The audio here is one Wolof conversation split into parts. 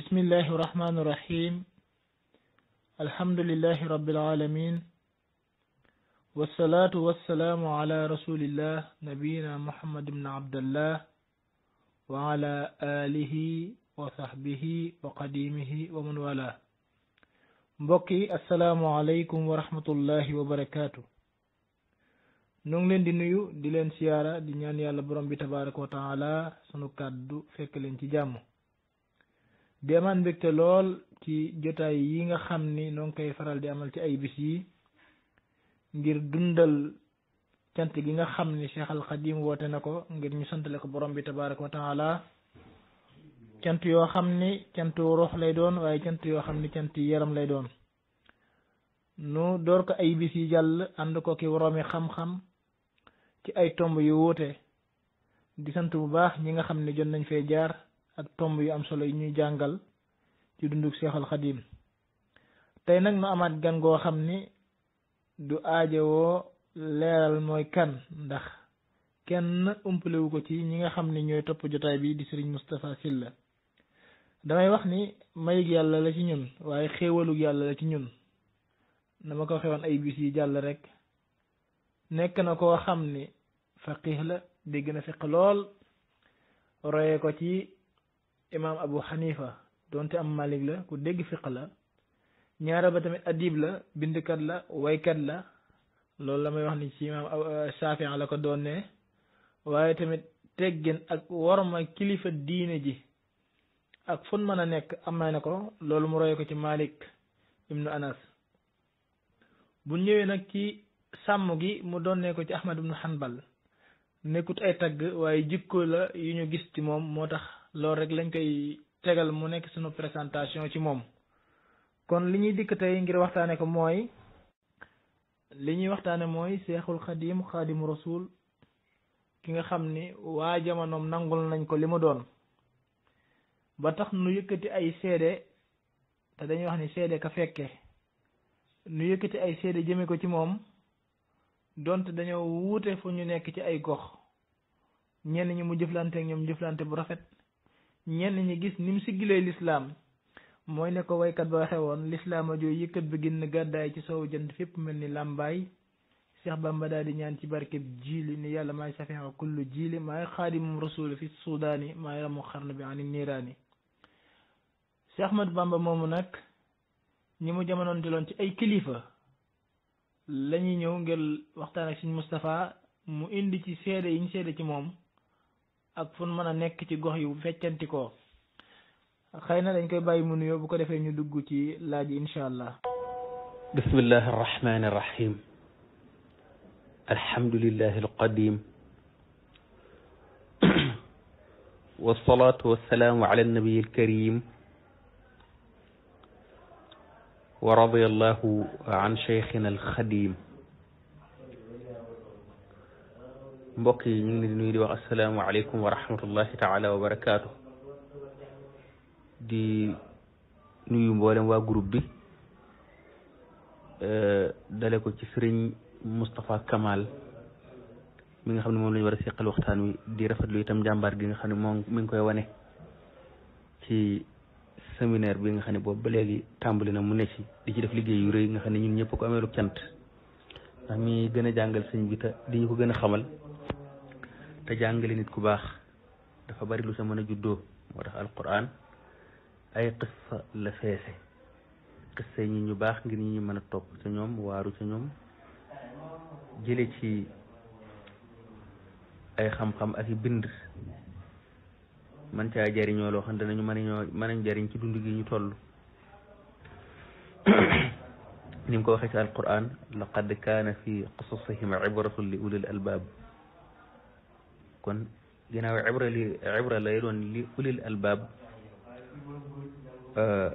بسم الله الرحمن الرحيم الحمد لله رب العالمين والصلاة والسلام على رسول الله نبينا محمد بن عبد الله وعلى آله وصحبه وقديمه ومن والاه بقي السلام عليكم ورحمة الله وبركاته نونلين دي نيو دي لين سيارة دي نيان يالا بروم تبارك وتعالى سنو كادو فيك لين di amaan mbégte lool ci jotaay yi nga xam ni noo ngi koy faral di amal ci ay bis yi ngir dundal cant gi nga xam ni Cheikh Al Xadim woote na ko ngir ñu santale ko borom bi tabaaraka wa taala cant yoo xam ni cantu rox lay doon waaye cant yoo xam ni cant yaram lay doon nu door ko ay bis yi jàll ànd ko ki woroomi xam-xam ci ay tomb yu wuute di sant bu baax ñi nga xam ni jot nañ fee jaar ak tomb yu am solo yu ñuy jàngal ci dunduk seexul xadiim tey nag nu amaat gan goo xam ni du aajowoo leeral mooy kan ndax kenn umpalewu ko ci ñi nga xam ni ñooy topp jotaay bi di sëriñ Moustapha Sylla damay wax ni mayug yàlla la ci ñun waaye xéewalug yàlla la ci ñun na ma ko xewoon ay bis yi jàll rek nekk na koo xam ni faqih la dégg na fiq lool roye ko ci imaam abu xanifa donte am malik la ku dégg fiq la ñaara ba tamit adib la bindkat la waykat la loolu la may wax ni ci imaam euh, Shaafi la ko doon ne waaye tamit teggin ak warma kilifa diine ji ak fun mën a nekk amee na ko loolu mu roye ko ci malik ibnu anas bu ñëwee nag ci sàmm gi mu doonne ko ci ahmad ibnu hanbal nekkut ay tagg waaye jikko la yu ñu gis ci moom moo tax loolu rek lañ koy tegal mu nekk sunu présentation ci moom kon li ñuy dikk tey ngir waxtaane ko mooy li ñuy waxtaane mooy seexul xadim xaadimu rasul ki nga xam ni waa jamonoom nangul nañ ko li mu doon ba tax nu yëkkati ay seede te dañuy wax ni seede ka fekke nu yëkkati ay seede jëme ko ci moom donte dañoo wuute fu ñu nekk ci ay gox ñenn ñi mu jëflante ñoom jëflante bu rafet ñenn ñi gis nim siggilee lislaam mooy ne ko waykat ba waxewoon lislaam a jooy yëkkat bi gën gàddaay ci soow jënd fépp mel ni làmbaay Cheikh Bamba daal di ñaan ci barkeb jiili ni yàlla may safiha kullu jiili maay xaadimum rasul fi sudaani maay ramu xarn bi ani niiraani Cheikh Ahmad Bamba moomu nag ñi mu jamonoonteloon ci ay kilifa lañuy ñëw ngir waxtaan ak Sëñ Moustapha mu indi ci seede yi ñu seede ci moom ak fu mën a nekk ci gox yu feccanti ko xëy na dañ koy bàyyi mu nuyoo bu ko defee ñu dugg ci laaj yi incha allah بسم الله الرحمن الرحيم الحمد لله القديم والصلاة والسلام على النبي الكريم ورضي الله عن شيخنا الخديم mbokk yi ñu ngi leen di nuyu di wax asalaamualeykum wa rahmatullahi taala wa barakaatu di nuyu mboolem waa groupe bi eh, dale ko ci sëriñ Moustapha Kamal mi nga xam ne moom la war a seqal waxtaan wi di rafetlu itam jàmbaar gi nga xam ne moom mi ngi koy wane ci séminaire bi nga xam ne boobu ba léegi tàmbali na mu ne ci di ci def liggéey yu rëy nga xam ne ñun ñëpp ko ameelu cant ndax mi gën a jàngal sëñ bi te di ñu ko gën a xamal te jàngale nit ku baax dafa bari lu sa mën a juddoo moo tax alquran ay qissa la feese qissa ñi ñu baax ngir ñi ñu mën a topp ca ñoom waaru ca ñoom jële ci ay xam-xam ak i bind man caa jariñoo loo xam danañu mën a ñoo mën a jariñ ci dund gi ñu toll ni mu ko waxee ci alquran laqad kaana fi qasasihim ibratun li ulil albab kon ginnaaw ibra li ibra lay doon li ulil albaab euh,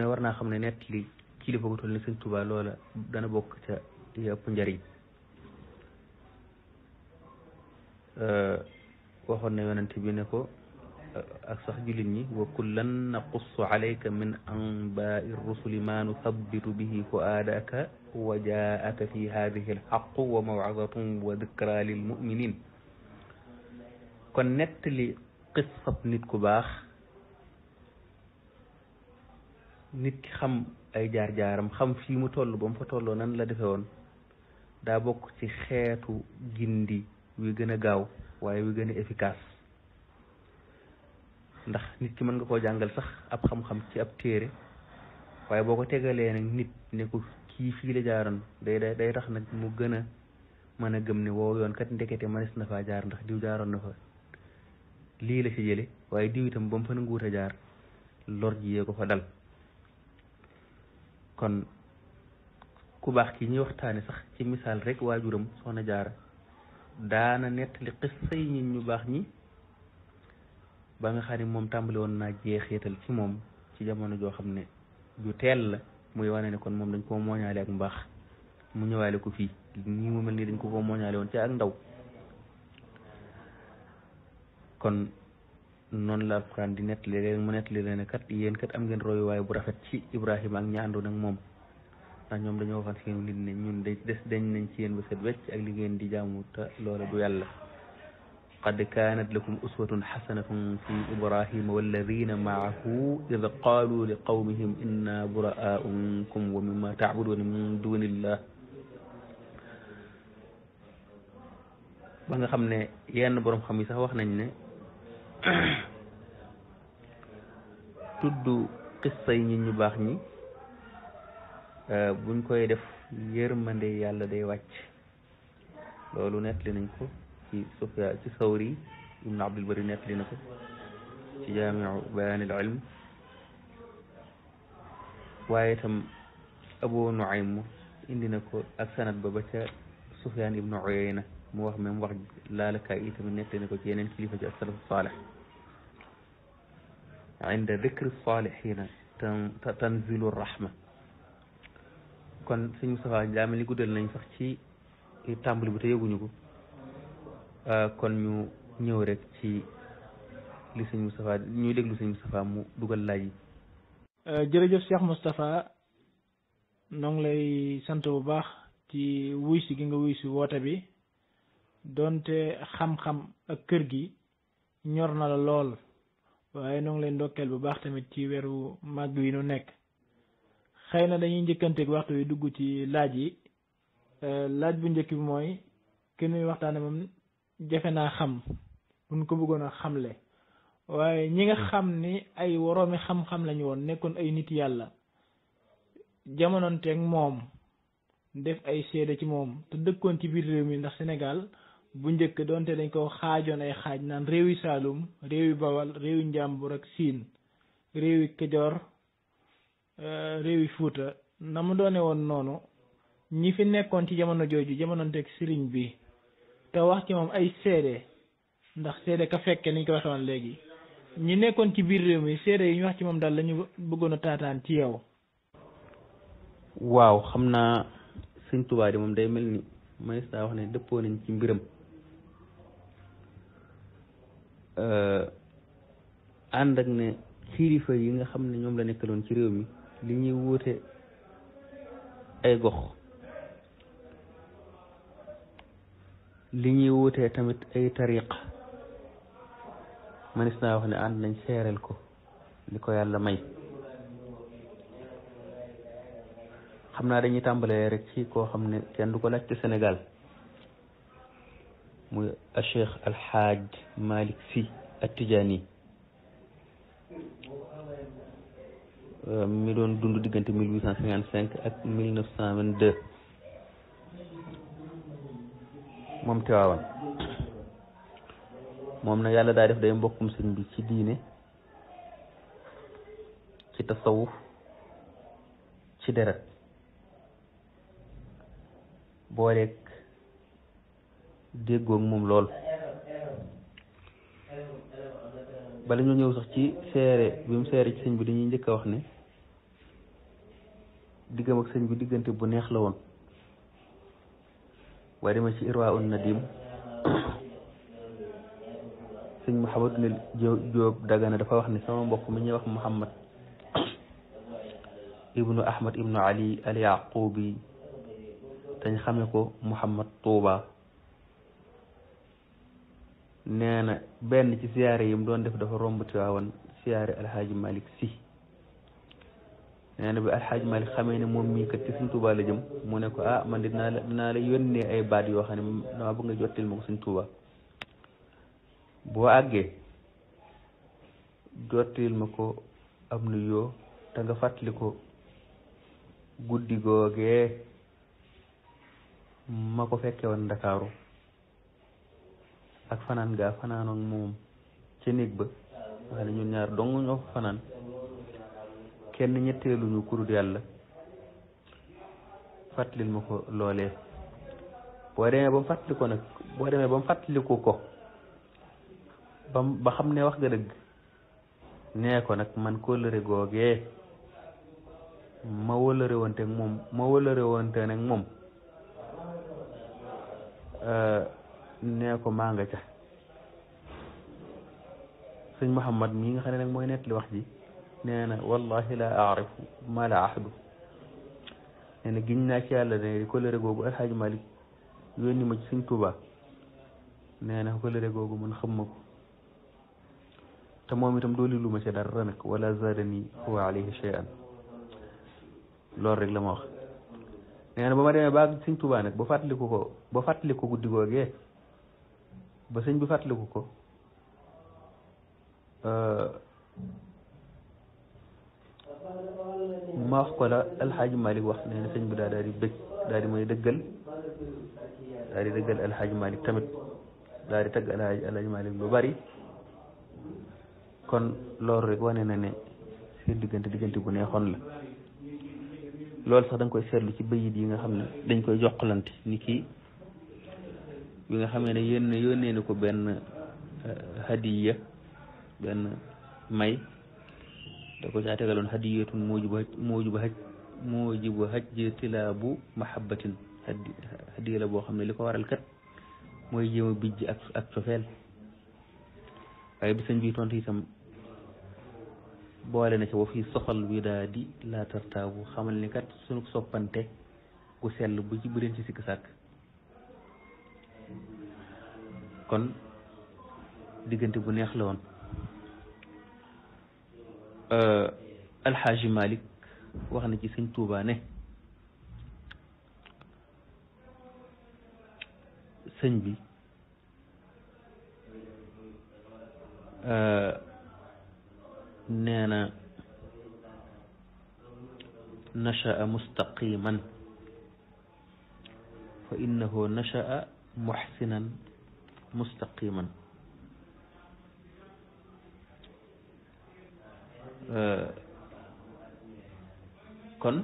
ne war naa xam ne nett li kilifa gu toll ni sëñ Tuubaa loola dana bokk ca yëpp njariñ euh, waxoon na yonent bi ne ko euh, ak sax jullit ñi wa kullan naqussu alayka min anbaai rusuli ma nuthabitu bihi fuaadaka wa jaaka fi hadihi alxaqu wa mawcazatun wa dikra lilmuminin kon nettali qissab nit ku baax nit ki xam ay jaar-jaaram xam fii mu toll ba mu fa tolloo nan la defe woon daa bokk ci xeetu gindi wi gën a gaaw waaye wi gën a efficace ndax nit ki mën nga koo jàngal sax ab xam-xam ci ab téere waaye boo ko tegalee nag nit ne ko kii fii la jaaroon day day tax nag mu gën a mën a gëm ne woow yoon kat ndekete mënees na faa jaar ndax diw jaaroon na fa lii la ci jële waaye diw itam ba mu fa nanguwut a jaar lor ji yee ko fa dal kon ku baax ki ñuy waxtaane sax ci misaal rek waajuram soxna jaara daana nettali xissa yi ñu baax ñi ba nga xam moom tàmbali woon naa jeexeetal ci moom ci jamono joo xam ne ju teel la muy wane ne kon moom dañ koo mooñaale ak mbaax mu ñëwaale ko fii nii mu mel nii dañ ko koo mooñaale woon ci ak ndaw kon noonu la alquran di nettali leen mu nettali leen kat yéen kat am ngeen royuwaay bu rafet ci Ibrahima ak ñi àndoon ak moom ndax ñoom dañoo waxoon si nit ne ñun de des dañ nañ ci yéen ba set wecc ak li ngeen di jaamu te loola du yàlla qad kaanat lakum uswatun xasanatun fi ibrahima walladina maahu id qaalu li qawmihim inna buraau minkum min dunillah ba nga xam ne yenn borom xam yi sax wax nañ ne tudd xissa yi nit ñu baax ñi buñ koy def yërmande yàlla day wàcc loolu nettali nañ ko ci sufya ci sawri ibnu abdul bari nettali na ko ci jaamiu bayaanil ilm waaye itam abu nuaym indi na ko ak sanat ba ba ca sufyaan ibnu uyayna mu wax même wax laalakaay yi tamit nettali na ko ci yeneen kilifa ci as-salaf saalih inda dicre salihina tanzilu rahma kon suñ Moustapha daa mel ni guddal nañ sax ci tàmbali bi te ko euh, kon ñu ñëw rek ci li suñ Moustapha ñu déglu suñ Moustapha mu dugal laaj euh, jërëjëf Cheikh Moustapha noo ngi lay sant bu baax ci wuy si gi nga wuy si woote bi doonte xam-xam ak kër gi ñor na la lool waaye noo ngi leen ndokkeel bu baax tamit ci weeru màgg wi nu nekk xëy na dañuy njëkkanteeg waxtu wi dugg ci laaj yi euh, laaj bu njëkk bi mooy kenn nuy waxtaane moom jafe naa xam buñ ko bëggoon a xamle waaye ñi nga xam ni ay woroomi xam-xam lañu woon nekkoon ay nit yàlla jamonoonteeg moom def ay seede ci moom te dëkkoon ci biir réew mi ndax Sénégal bu njëkk donte dañ ko xaajoon ay xaaj naan réew réewi Saalum réewi Bawal réewi Njàmbur ak Siin réew réewi Kajoor euh, réewi Fuuta na mu doone woon noonu ñi fi nekkoon ci jamono jooju jamononteeg sëriñ bi te wax ci moom ay seede ndax seede ka fekke niñ ko waxe léegi ñi nekkoon ci biir réew mi seede yi ñu wax ci moom daal la ñu bëggoon a taataan ci yow waaw xam naa sëñ Tuubaa di moom day mel ni manistaa wax ne dëppoo nañ ci mbiram Euh, ànd ak ne kilifa yi nga xam ne ñoom la nekkaloon ci réew mi li ñuy wuute ay gox li ñuy wuutee tamit ay tariqa manis naa wax ne ànd nañ seereel ko li ko yàlla may xam naa dañuy tàmbalee rek ci koo xam ne kenn du ko laaj ci Sénégal muy cheikh alxaaj malik si attijaani euh, mi doon dund diggante mille huit cent cinquante cinq ak mille neuf cent vingt deux moom Tiwaawan moom na yàlla daa def day mbokkum sëñ bi ci diine ci tasawuf ci deret booleeg déggoog moom lool bala ñu ñëw sax ci seere bi mu seere ci sëñ bi dañuy njëkk wax ni diggam ak sëñ bi diggante bu neex la woon waaye dama ci irwa un nadim sëñ Mouhamadou ne Jóob Dagana dafa wax ne sama mbokk mu ñuy wax Mouhamad ibnu Ahmad ibnu Ali al Yaqubi dañ xame ko Mouhamad Touba nee na benn ci siyaare yi mu doon def dafa romb Tiwaawan siyaare alxaaji Malick si nee na bi alxaaji Malick xamee ne moom mii kat ci la jëm mu ne ko ah man de dinaa la dinaa la ay baat yoo xam ne dama bëgg nga jottil ma ko Sëñ Tuuba boo àggee ma ko am te nga fàttali ko guddi googee ma ko fekke woon Ndakaaru ak fanaan gaa fanaanoon moom ci néeg ba nga xam ne ñun ñaar dong ñoo fa fanaan kenn ñetteeluñu kurut yàlla fàttalil ma ko loolee boo demee ba mu fàttali ko nag boo demee ba mu fàttaliku ko ba ba xam ne wax nga dëgg nee ko nag man kóllëre googee ma wóllëre wante moom ma wóllëre wante nag moom euh, nee ko maa nga ca sëñ Muhammad mii nga xam ne nag mooy nettali wax ji nee na wallahi la aarifu ma la ahdu nee giñ naa ci yàlla ne coloré googu alxaaji Malik yónni ma ci sëñ Tuubaa nee na coloré googu man xam ma ko te moom itam dooli lu ci dara nag wala zaadani huwa alayhi shay'an loolu rek la ma wax nee na ma demee ba sëñ Tuubaa nag ba fàttaliku ko ba fàttaliku guddi googee ba sëñ bi fàttaliku ko euh, ma wax ko la alxaaji Malick wax nee na sëñ bi daal daal di bëgg daal di dëggal daal dëggal alxaaji Malick tamit daal di tagg alxaaji lu bari kon loolu rek wane na ne seen diggante diggante bu neexoon la loolu sax da koy seetlu ci bayit yi nga xam ne dañ koy joxlante ni kii bi nga xamee ne yónne yónnee na ko benn eh, hadiya benn may da ko caa tegaloon hadiyatun moojubu haj moojubu haj moojubu haj tilaabu mahabbatin hadiya la boo xam ne li ko waral kat mooy jéem a bijj ak cofeel waaye bi sëñ bi tontu itam boole na ca wa fii soxal wi daa di tartaabu xamal ni kat sunu soppante gu sell bu ci bu leen ci sikk kon digënté bu neex la won euh al alxaaji malik wax na ci seigne touba ne seigne bi euh neena nashaa mustaqiman fa innahu nashaa muxsinan mustaqiman euh, kon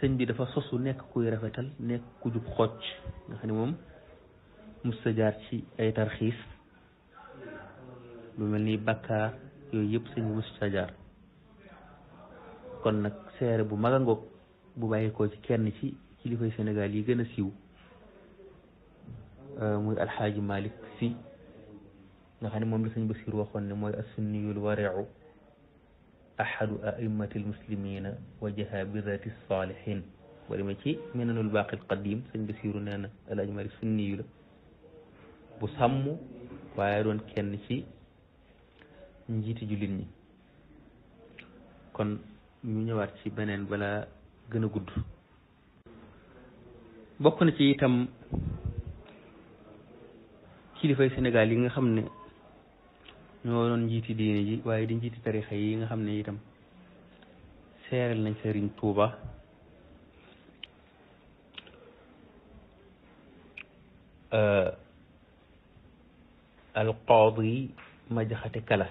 sëñ bi dafa sosu nekk kuy rafetal nekk ku jub xocc nga ne moom musta ci ay tarxiis lu mel ni bàkkaar yooyu yëpp sëñ bi kon nag seere bu mag a bu bàyyi ko ci kenn ci kilifay Sénégal yi gën a siiw Euh, muy alxaaji malik si nga xam ne moom la sëñ Basiir waxoon ne mooy assunniyul wariu ahadu aimati almuslimina wajaha birati salihin boo demee ci minanul baaqil qadim sëñ Basiiru nee na alxaaji malik sunniyu la bu sàmm waaye doon kenn ci njiiti jullit ñi kon ñu ñëwaat ci beneen balaa gën a gudd bokk na ci itam kilifay Sénégal yi nga xam ne ñoo doon njiiti diine ji waaye di njiiti tarixa yi nga xam ne itam seereel nañ Sëriñ Tuuba euh, alqaadi ma jaxate kala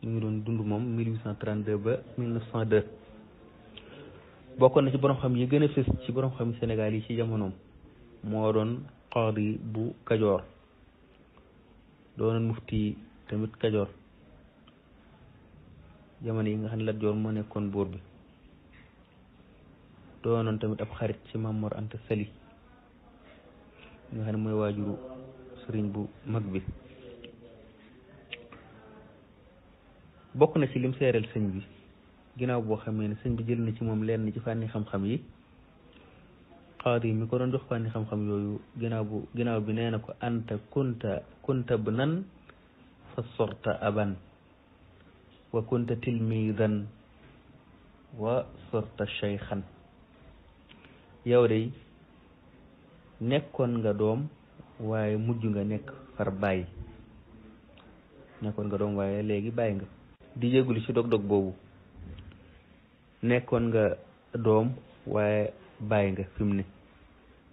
mu ngi doon dund moom 1832 ba 1902 bokkoon na ci borom xam yi gën a fës ci borom xam Sénégal yi ci jamonoom moo doon qaadi bu Kajoor doonoon mufti tamit kajoor jamono yi nga xam ne Lat Joor moo nekkoon buur bi doonoon tamit ab xarit ci Maam Mor Anta Sali nga xam ne mooy waajuru sëriñ bu mag bi bokk na ci lim seereel sëñ bi ginnaaw boo xamee ne sëñ bi jël na ci moom lenn ci fànni xam-xam yi qaadi mi ko doon jox fànni xam-xam yooyu ginnaaw bi nee na ko anta kunta kunta bnan fa sorta aban wa kunta tilmidan wa sorta cheykhan yow de nekkoon nga doom waaye mujj nga nekk far bàyyi nekkoon nga doom waaye léegi bàyyi nga di jégalu ci dog-dog boobu nekkoon nga doom waaye bàyyi nga fi mu ne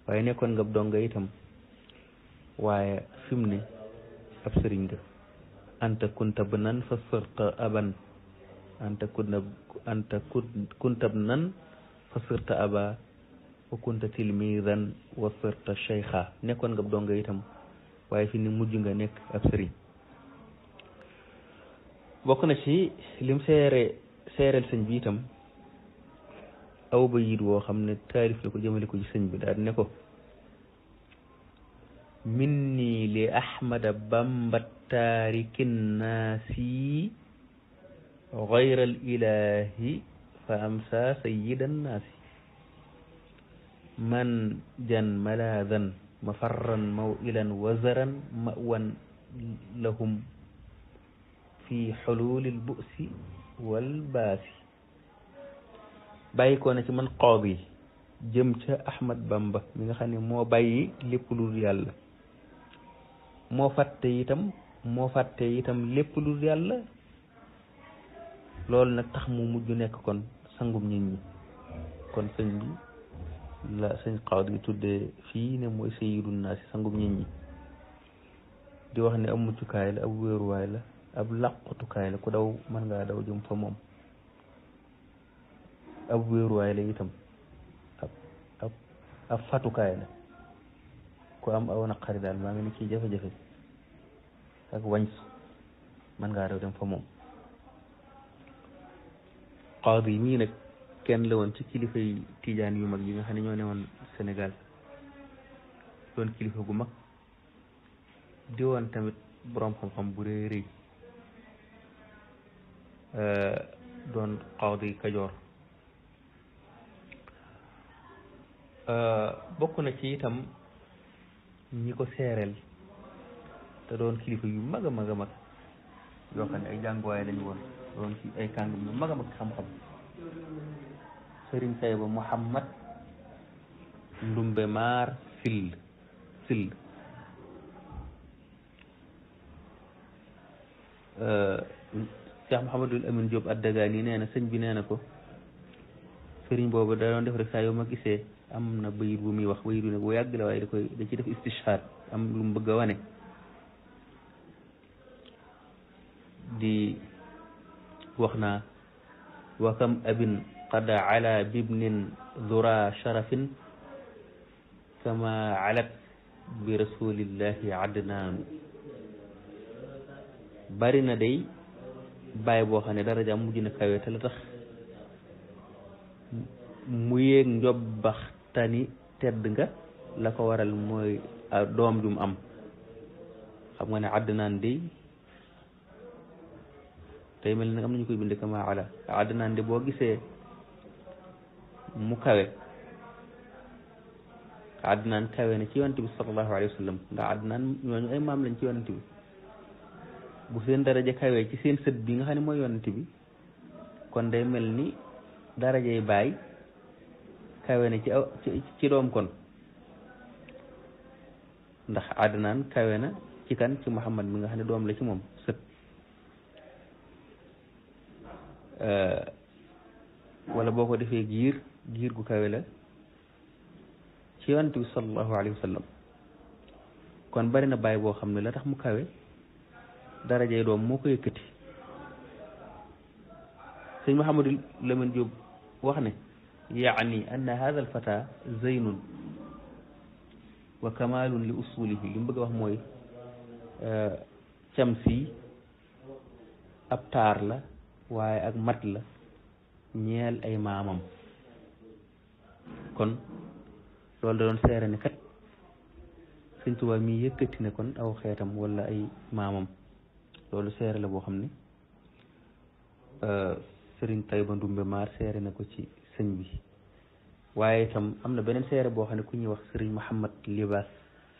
waaye nekkoon ngab donga itam waaye fi ne ab sëriñ nga anta kuntab nan fa sërta aban anta kunab anta kuntab nan fa sërta aba wa kunta tilmidan wa sërta cheikha nekkoon nga donga itam waaye fi ni mujj nga nekk ab sëriñ bokk na ci lim seere seereel sëñ bi itam aw ba yit woo xam ne taarif la ko jëmale ko ci sëñ bi daal ne ko minni li ahmada bamba taarikin naasi gayra al ilahi fa amsa sayyidan naasi man jan maladan mafarran mawilan wazaran mawan lahum fi xululi al bu'si wal baasi bàyyi na ci man xoob yi jëm ca Ahmad Bamba mi nga xam ne moo bàyyi lépp lu yàlla moo fàtte itam moo fàtte itam lépp lu dul yàlla loolu nag tax mu mujj nekk kon sangum nit ñi kon sëñ bi la sëñ xawat gi tuddee fii ne mooy sayyidun naa si sangum nit ñi di wax ne ab muccukaay la ab wéeruwaay la ab làqutukaay la ku daw mën ngaa daw jëm fa moom ab wéeruwaay la itam ab ab fatukaay la ku am aw naqari daal maa ngi ne ci jafe-jafe ak wañs mën ngaa rew dem fa moom qaadi mii nag kenn la woon ci kilifa yi tijaan yu mag yi nga xam ne ñoo ne woon Sénégal doon kilifa gu mag di woon tamit boroom xam-xam bu rëy rëy euh, doon Kajoor Euh, bokk na ci itam ñi ko seereel te doon kilifa yu mag a mag a mag yoo xam ay jànguwaay lañu woon doon ci ay kàngam yu mag a mag xam-xam sëriñ Sayba Muhammad Ndumbe Maar Sill Sill euh, Cheikh Mouhamadul Amin Diop Addagaan yi nee na sëñ bi nee na ko sëriñ boobu da doon def rek saa yoo ma gisee am na bayit bu muy wax bayit la waaye da koy da ci def istishhaad am lu mu a wane di wax naa wa kam abin qad ala bibnin sharafin kama alat bi rasulillahi adnaanu bari na day bàyyi boo xam ne daraja mujj na kawe te mu yéeg njobbax tani tedd nga la ko waral mooy doom jum am xam nga ne Adnaan dey tey mel na am nañu koy binde kama ala Adnaan de boo gisee mu kawe Adnaan kawe na ci yonent bi sallallahu alayhi wa sallam ndax Adnaan ñooñu ay maam lañ ci yonent bi bu seen daraja kawee ci seen sët bi nga xam ne mooy yonent bi kon day mel ni darajay baay kawe na ci aw ci doom kon ndax Adnaan kawe na ci kan ci Muhammad mi nga xam ne doom la ci moom sët wala boo ko defee giir giir gu kawe la ci yonent bi sallallahu alayhi kon bari na bàyyi boo xam ne la tax mu kawe darajay doom moo ko yëkkati sëñ Mouhamadou Lamine Diop wax ne yaani anna hada alfata zeynun wa kamalun li usulihi li mu bëgg wax mooy camsi ab taar la waaye ak mat la ñeel ay maamam kon loolu da doon seere ne kat Sëñ mi yëkkati ne kon aw xeetam wala ay maamam loolu seere la boo xam ne Sëriñ Tayba Ndumbe Maar seere na ko ci sëñ bi waaye itam am na beneen seere boo xam ne ku ñuy wax sëriñ Mouhamad Libaas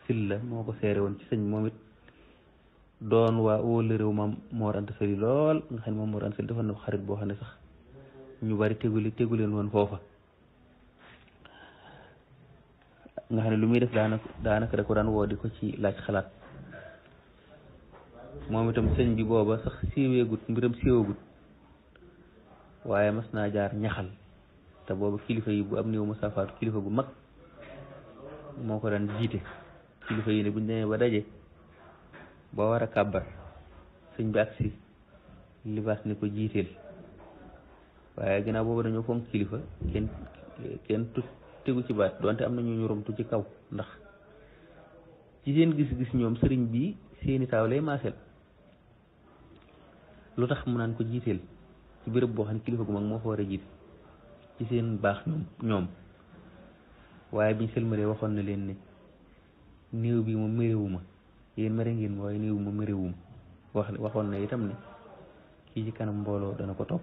Silla moo ko seere woon ci sëñ moom it doon waa wóolu réew maam Mor Anta Sali lool nga xam ne moom Mor Anta Sali defoon na xarit boo xam ne sax ñu bari teguli teguleen woon foofa nga xam ne lu muy def daanaka daanaka da ko daan woo ko ci laaj xalaat moom itam sëñ bi booba sax siiweegut mbiram siiwagut waaye mas naa jaar ñaxal te boobu kilifa yi bu am néew mu safaatu kilifa gu mag moo ko daan jiite kilifa yi ne buñ demee ba daje ba war a kàbbar sëñ bi agsi libaas ni ko jiiteel waaye ginnaaw boobu dañoo fonk kilifa kenn kenn tegu ci baat donte am na ñu ñu romtu ci kaw ndax ci seen gis-gis ñoom sëriñ bi seeni taaw lay maasel lu tax mu naan ko jiiteel ci béréb boo xam ne kilifa gu mag moo ko war a jiite ci seen baax ñoom waaye biñ sëlmaree waxoon na leen ne néew bi moom méréwuma yéen mere ngeen ma waaye néew bi moom wax waxoon na tam ne kii ci kanam mbooloo dana ko topp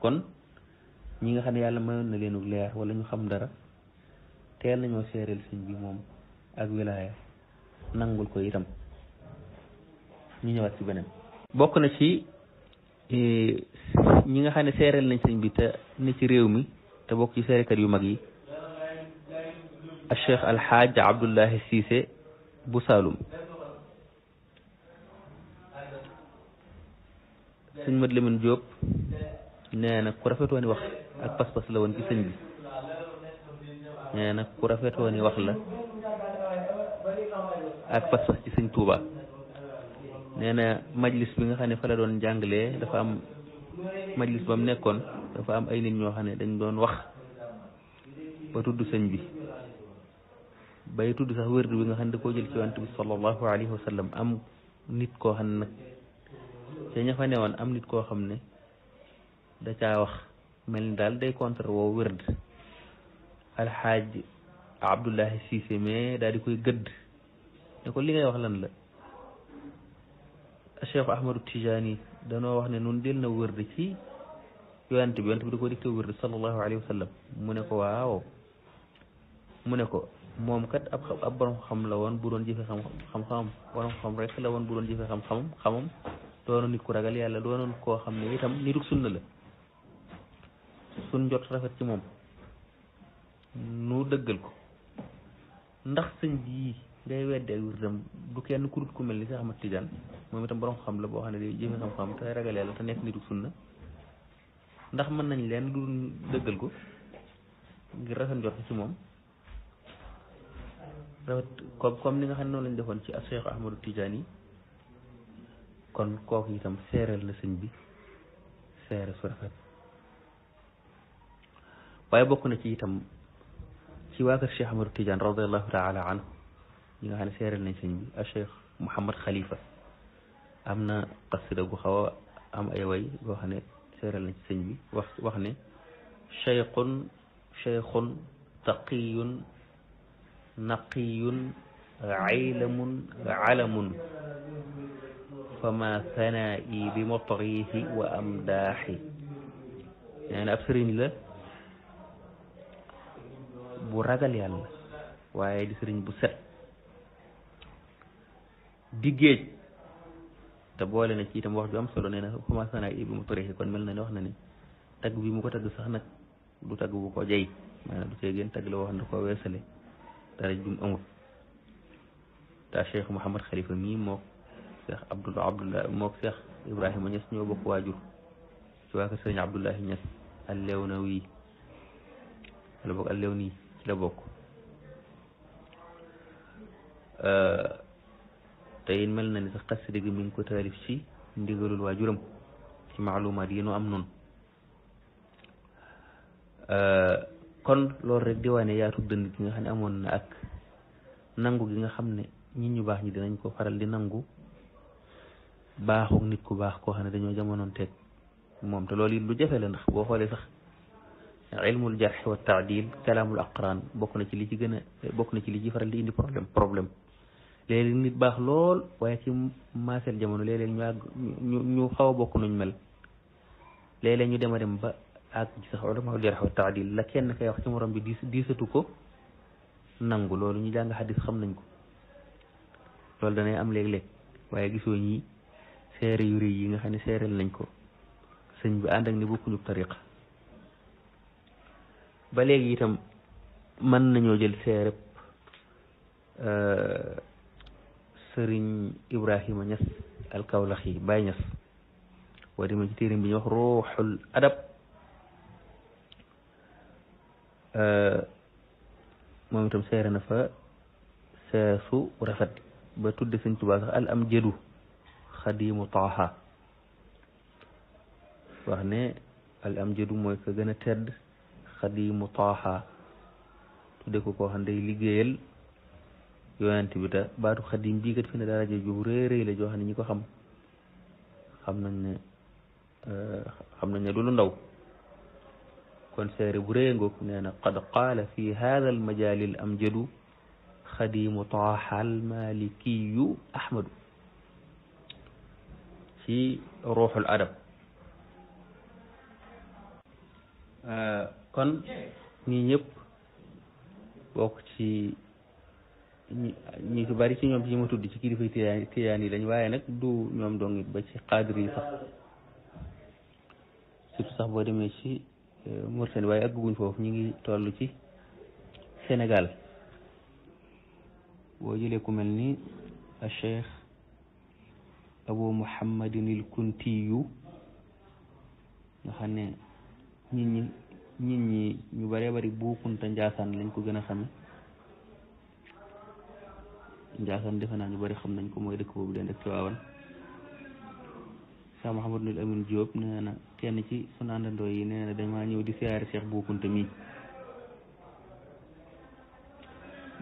kon ñi nga xam ne yàlla mayoon na leen leer wala ñu xam dara teel nañoo seereel sëñ bi moom ak wilaaya nangul ko itam ñu ñëwaat ci beneen bokk na ci eh, ñi nga xam ne seereel nañ sëñ bi te ne ci réew mi te bokk ci seerekat yu mag yi al cheikh alxaaj abdullahi siise bu saalum sëñ mat lamin jóob nee na ku rafetooni wax ak pas-pas la woon ci sëñ bi na ku rafetooni wax la ak pas-pas ci sëñ tuuba nee majlis bi nga xam ne fa la doon jàngalee dafa am majlis ba mu nekkoon dafa am ay nit ñoo xam ne dañ doon wax ba tudd sëñ bi bay tudd sax wérdu bi nga xam ne da koo jël ci bi sallallahu am nit koo xam ne nag ca ña fa newoon am nit koo xam ne da caa wax mel ni daal day contre woo wérd alxaaj abdullahi siise mais daal di koy gëdd ne ko li ngay wax lan la cheikh ahmadu tijaani danoo wax ne nun del na wërd ci yonent bi yonent bi da ko dikkee wërd sallallahu alayhi wa sallam mu ne ko waaw mu ne ko moom kat ab ab borom xam la woon bu doon jëfe xam xam-xamam xam rek la woon bu doon jëfe xam-xamam xamam doonu nit ku ragal yàlla doonoon koo xam ne itam nituk sunna la sun jot rafet ci moom nu dëggal ko ndax sëñ day weddi ay wurdam du kenn kurut ku mel ni Seex Ahmad Tijaan moom itam borom xam la boo xam ne day jëfe xam-xam te ragal yàlla te nekk nitu sunna ndax mën nañ leen lu dëggal ko ngir rafet njort ci moom rafet comme comme ni nga xam ne noonu lañ defoon ci ak Seex Ahmadu Tijaan kon kooku itam seereel na sëñ bi seere su rafet waaye bokk na ci itam ci waa kër Seex Ahmadu Tijaan radiyallahu taala anhu ñi nga xam ne seeral nañ sëñ bi a Cheikh Mouhamad Khalifa am na xasida gu xaw a am ay way goo xam ne seeral nañ sëñ bi wax wax ne cheikhun cheikhun taqiyun naqiyun aylamun alamun fama sanaa'i bi motrihi wa amdaaxi nee na ab sëriñ la bu ragal yàlla waaye di sëriñ bu set di géej boole na ci itam wax ju am solo nee na commencé kon mel na ne wax na ne tagg bi mu ko tagg sax nag du tagg bu ko jey maanaam du see gën la wax na ko weesale dara jum amul ta cheikh Mouhamad Khalifa mii mook cheikh Abdoul Abdoulahi mook ñoo bokk waajur ci waa kër sëriñ allew na wii allew nii ci la bokk euh, te it mel na ni sax xasida gi mi ngi ko taalif ci ndigalul waajuram ci maalumaat yi nu am noonu kon loolu rek di wane yaatu dënd gi nga xam ne amoon na ak nangu gi nga xam ne nit ñu baax ñi dinañ ko faral di nangu baaxuk nit ku baax koo xam ne dañoo jamonoon teeg moom te lool it lu jafe la ndax boo xoolee sax ilmul jarx wa taadil kalaamul aqraan bokk na ci li ci gën a bokk na ci li ci faral di indi problème problème léeg-léeg nit baax lool waaye ci maasel jamono léeg-léeg ñu àgg ñu ñu xaw a bokk nuñ mel léeg-léeg ñu dem a dem ba àgg ci sax ulama ul kenn kay wax ci morom bi diis diisatu ko nangu loolu ñu jàng xam nañ ko loolu danay am léeg-léeg waaye gisoo ñi seere yu rëy yi nga xam ne seereel nañ ko sëñ bi ànd ak ni bokkuñu tariqa ba léegi itam mën nañoo jël seereb euh, sëriñ Ibrahima Niass alkawlaxi Baye Niass boo demee ci téerim bi wax ruuxul adab moom itam seere na fa seesu rafet ba tudde sëñ Tuubaa sax al am jëdu xadimu taaha wax ne al am jëdu mooy ko gën a tedd xadimu taaha tudde ko koo xam yonent bi baatu xadim bii kat fi ne daraja ju rëy la joo xam ñi ko xam xam nañ ne eh, xam nañ ne ndaw kon seere bu rëy ngoog nee na qad qaala fi haada al amjadu xadimu taaha al malikiyu ahmadu ci ruuxul adab eh, kon ñi ñëpp bokk ci ñi ñi ci bari ci ñoom ci ma tudd ci kilifa tiyaan yi lañ waaye nag du ñoom dong ba ci xaadir boo demee ci euh, Mauritanie waaye àgguñ foofu ñu ngi toll ci Sénégal boo jëlee ku mel ni a cheikh Abu Muhammadin il Kuntiyu nga xam ne nit ñi ñu bare bari bu Kunta Njaasaan lañ ko gën a xame njaaxaan defe naa ñu bari xam nañ ko mooy dëkk boobu den rek Tiwaawan Cheikh Mouhamadul Amin Diop nee na kenn ci sunu àndandoo yi nee na ñëw di siyaare Cheikh Bou Kounta mii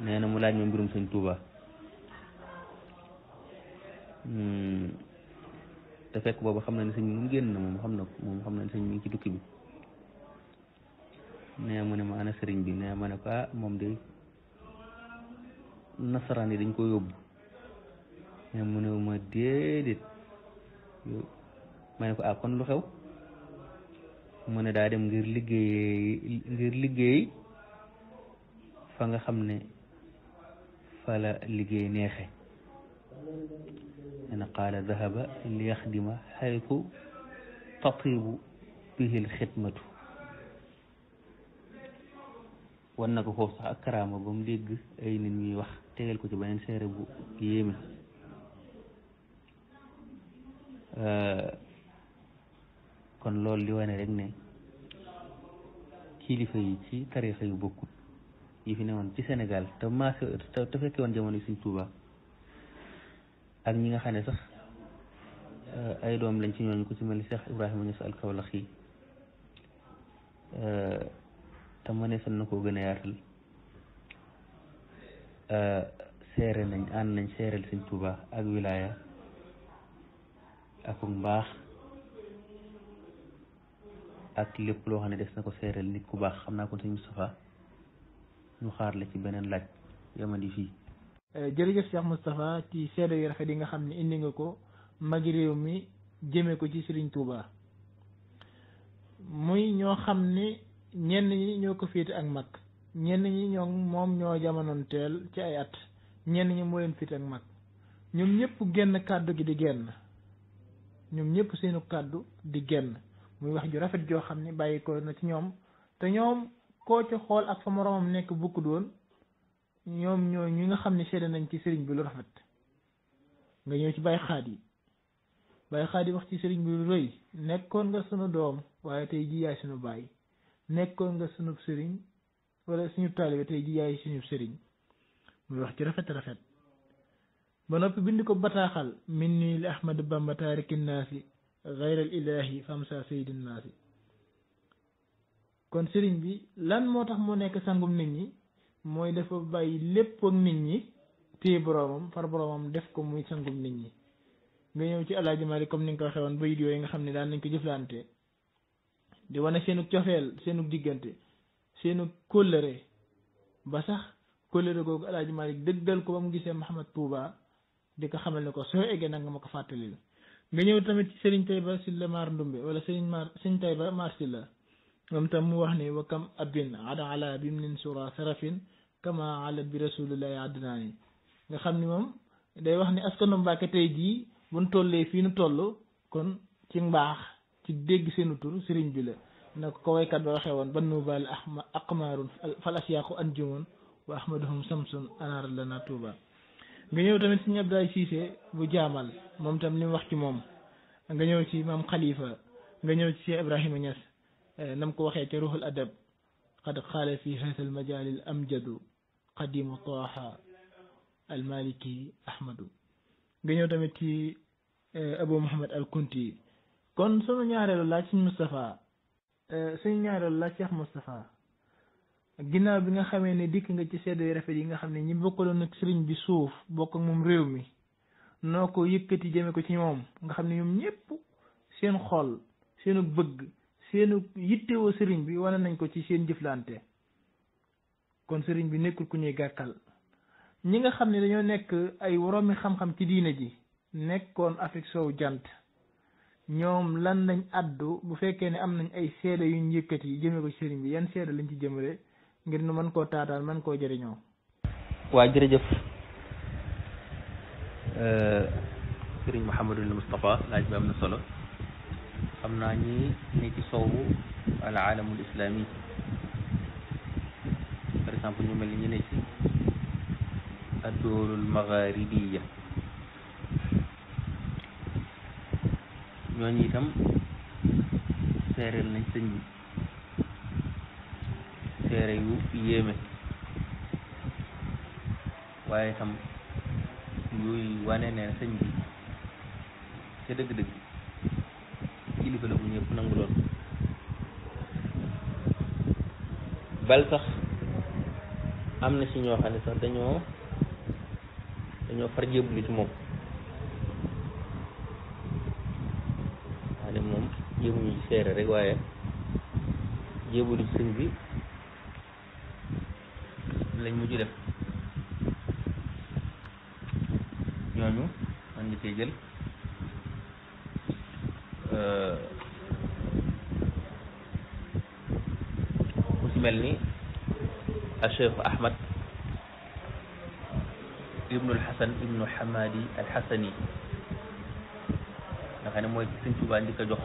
nee na mu laaj ma mbirum sañ Touba hmm. te fekk boobu xam na ne sëñ bi moom na moom xam na moom xam na ne sëñ mi ngi dukki bi nee mu ne ma ana sëriñ bi nee ma ne ko ah moom de nasaraan yi dañ ko yóbbu mais mu ne ma déedéet yow ko ah kon lu xew mu daa dem ngir liggéey ngir fa nga xam ne fa la liggéey neexe ne na qaala dahaba li yaxdima xaytu tatibu bihi lxidmatu wan ko foofu sax ak karaama ba dégg ay nit ñuy wax tegal ko ci beneen seere bu yéeme kon loolu li wane rek ne kilifa yi ci tarixa yu bokkut yi fi newoon ci Sénégal te maase te fekke woon jamono Sëriñ Tuuba ak ñi nga xam ne sax ay doom lañ ci ñooñu ko ci mel ni Cheikh Ibrahima Niass al Kawlaxi te mënees na koo gën a yaatal Eh, seere nañ ànd nañ seereel siñ Tuuba ak wilaaya ak mbaax ak lépp loo xam ne des na ko seereel nit ku baax xam naa kon sëñ Moustapha ñu xaar la ci beneen laaj yamandi fii eh, jërëjëf Cheikh Moustapha ci seede yu rafet yi nga xam ne indi nga ko magi réew mi jëme ko ci Sëriñ Tuuba muy ñoo xam ne ñenn ñi ñoo ko féete ak mag ñenn ñi ñoom moom ñoo jamonoon teel ci ay at ñenn ñi moo leen fit ak mag ñoom ñëpp genn kàddu gi di genn ñoom ñëpp seenu kàddu di genn muy wax ju rafet joo xam ne bàyyi ko na ci ñoom te ñoom koo ci xool ak fa moroomam nekk bukk doon ñoom ñoo ñi nga xam ne seede nañ ci sëriñ bi lu rafet nga ñëw ci bàyyi xaat yi bàyyi xaat yi wax ci sëriñ bi lu rëy nekkoon nga sunu doom waaye tey ji yaay sunu bàyyi nekkoon nga sunu sëriñ wala suñu taalibe tey ji suñu sëriñ muy wax ci rafet rafet ba noppi bind ko bataaxal min nii li ahmadu bamba taariki naasi xayral ilaahi famsa saydi naasi kon sëriñ bi lan moo tax mu nekk sangum nit ñi mooy dafa bàyyi lépp ak nit ñi téye boroomam far boroomam def ko muy sangum nit ñi nga ñëw ci alaaji Maalik comme ni nga ko waxee woon bayit yooyu nga xam ne daan nañ ko jëflante di wane seenu cofeel seenu diggante seenu kóllëre ba sax kóllëre googu alaaji Malick dëggal ko ba mu gisee Mahamad Touba di ko xamal ne ko soo eggee nag nga ma ko fàttalil nga ñëw tamit ci ba si la Maar Ndumbe wala sëriñ Maar sëriñ Tayba Maar la moom tam mu wax ni wa kam abin ada ala bimnin sura sarafin kama ala bi rasulillahi addinaa ni nga xam ni moom day wax ni askanu Mbàkke tey jii buñ tollee fii nu toll kon ci mbaax ci dégg seenu tur sëriñ bi la na ko waykat ba waxee woon ban nuubaal ahma aqmaarun fal asyaaqu anjumun wa ahmaduhum samsun anaar lana tuuba nga ñëw tamit Sëriñ Abdoulaye Cissé bu jaamal moom tam li mu wax ci moom nga ñëw ci maam Khalifa nga ñëw ci Cheikh Ibrahima Niass nam ko waxee ca ruhul adab qad qaala fi hatha almajaali al amjadu qadimu taaha almaliki ahmadu nga ñëw tamit ci Abu Muhammad al Kunti kon sunu ñaareelu laaj Sëriñ Moustapha Euh, suñu ñaareelu laaj Cheikh Moustapha ginnaaw bi nga xamee ne dikk nga ci seede yu rafet yi nga xam ne ñi bokkaloon ak sëriñ bi suuf bokk moom réew mi noo ko yëkkati jëme ko ci moom nga xam ne ñoom ñëpp seen xol seenu bëgg seenu yittewoo sëriñ bi wane nañ ko ci seen jëflante kon sëriñ bi nekkul ku ñuy gàkkal ñi nga xam ne dañoo nekk ay woroomi xam-xam ci diine ji nekkoon Afrique sow jant ñoom lan lañ àddu bu fekkee ne am nañ ay seede yuñ yëkkat yi jëmee ko ci sëriñ bi yan seede lañ ci jëmale ngir nu mën koo taataan mën koo jëriñoo. waa jërëjëf euh, sëriñ Mouhamadul Moustapha laaj bi am na solo xam naa ñi ne ci soowu al aalamul islami par exemple ñu mel ni ñu ci addoorul magharibiya ñooñu itam seereel nañ sëñ bi seere yu yéeme waaye itam yooyu wane ne sëñ bi ca dëgg-dëgg kilifa la bu ñëpp nangu loon bal sax am na ci ñoo xam ne sax dañoo dañoo far jébbalu ci moom yëmuñu seere rek waaye jébalu sëñ bi lañ mujj def ñooñu man ñu koy jël ku si mel ni Cheikh Ahmad ibnu alxasan ibnu xamadi alxasani nga xam ne mooy sëñ Tuubaa njëkk a jox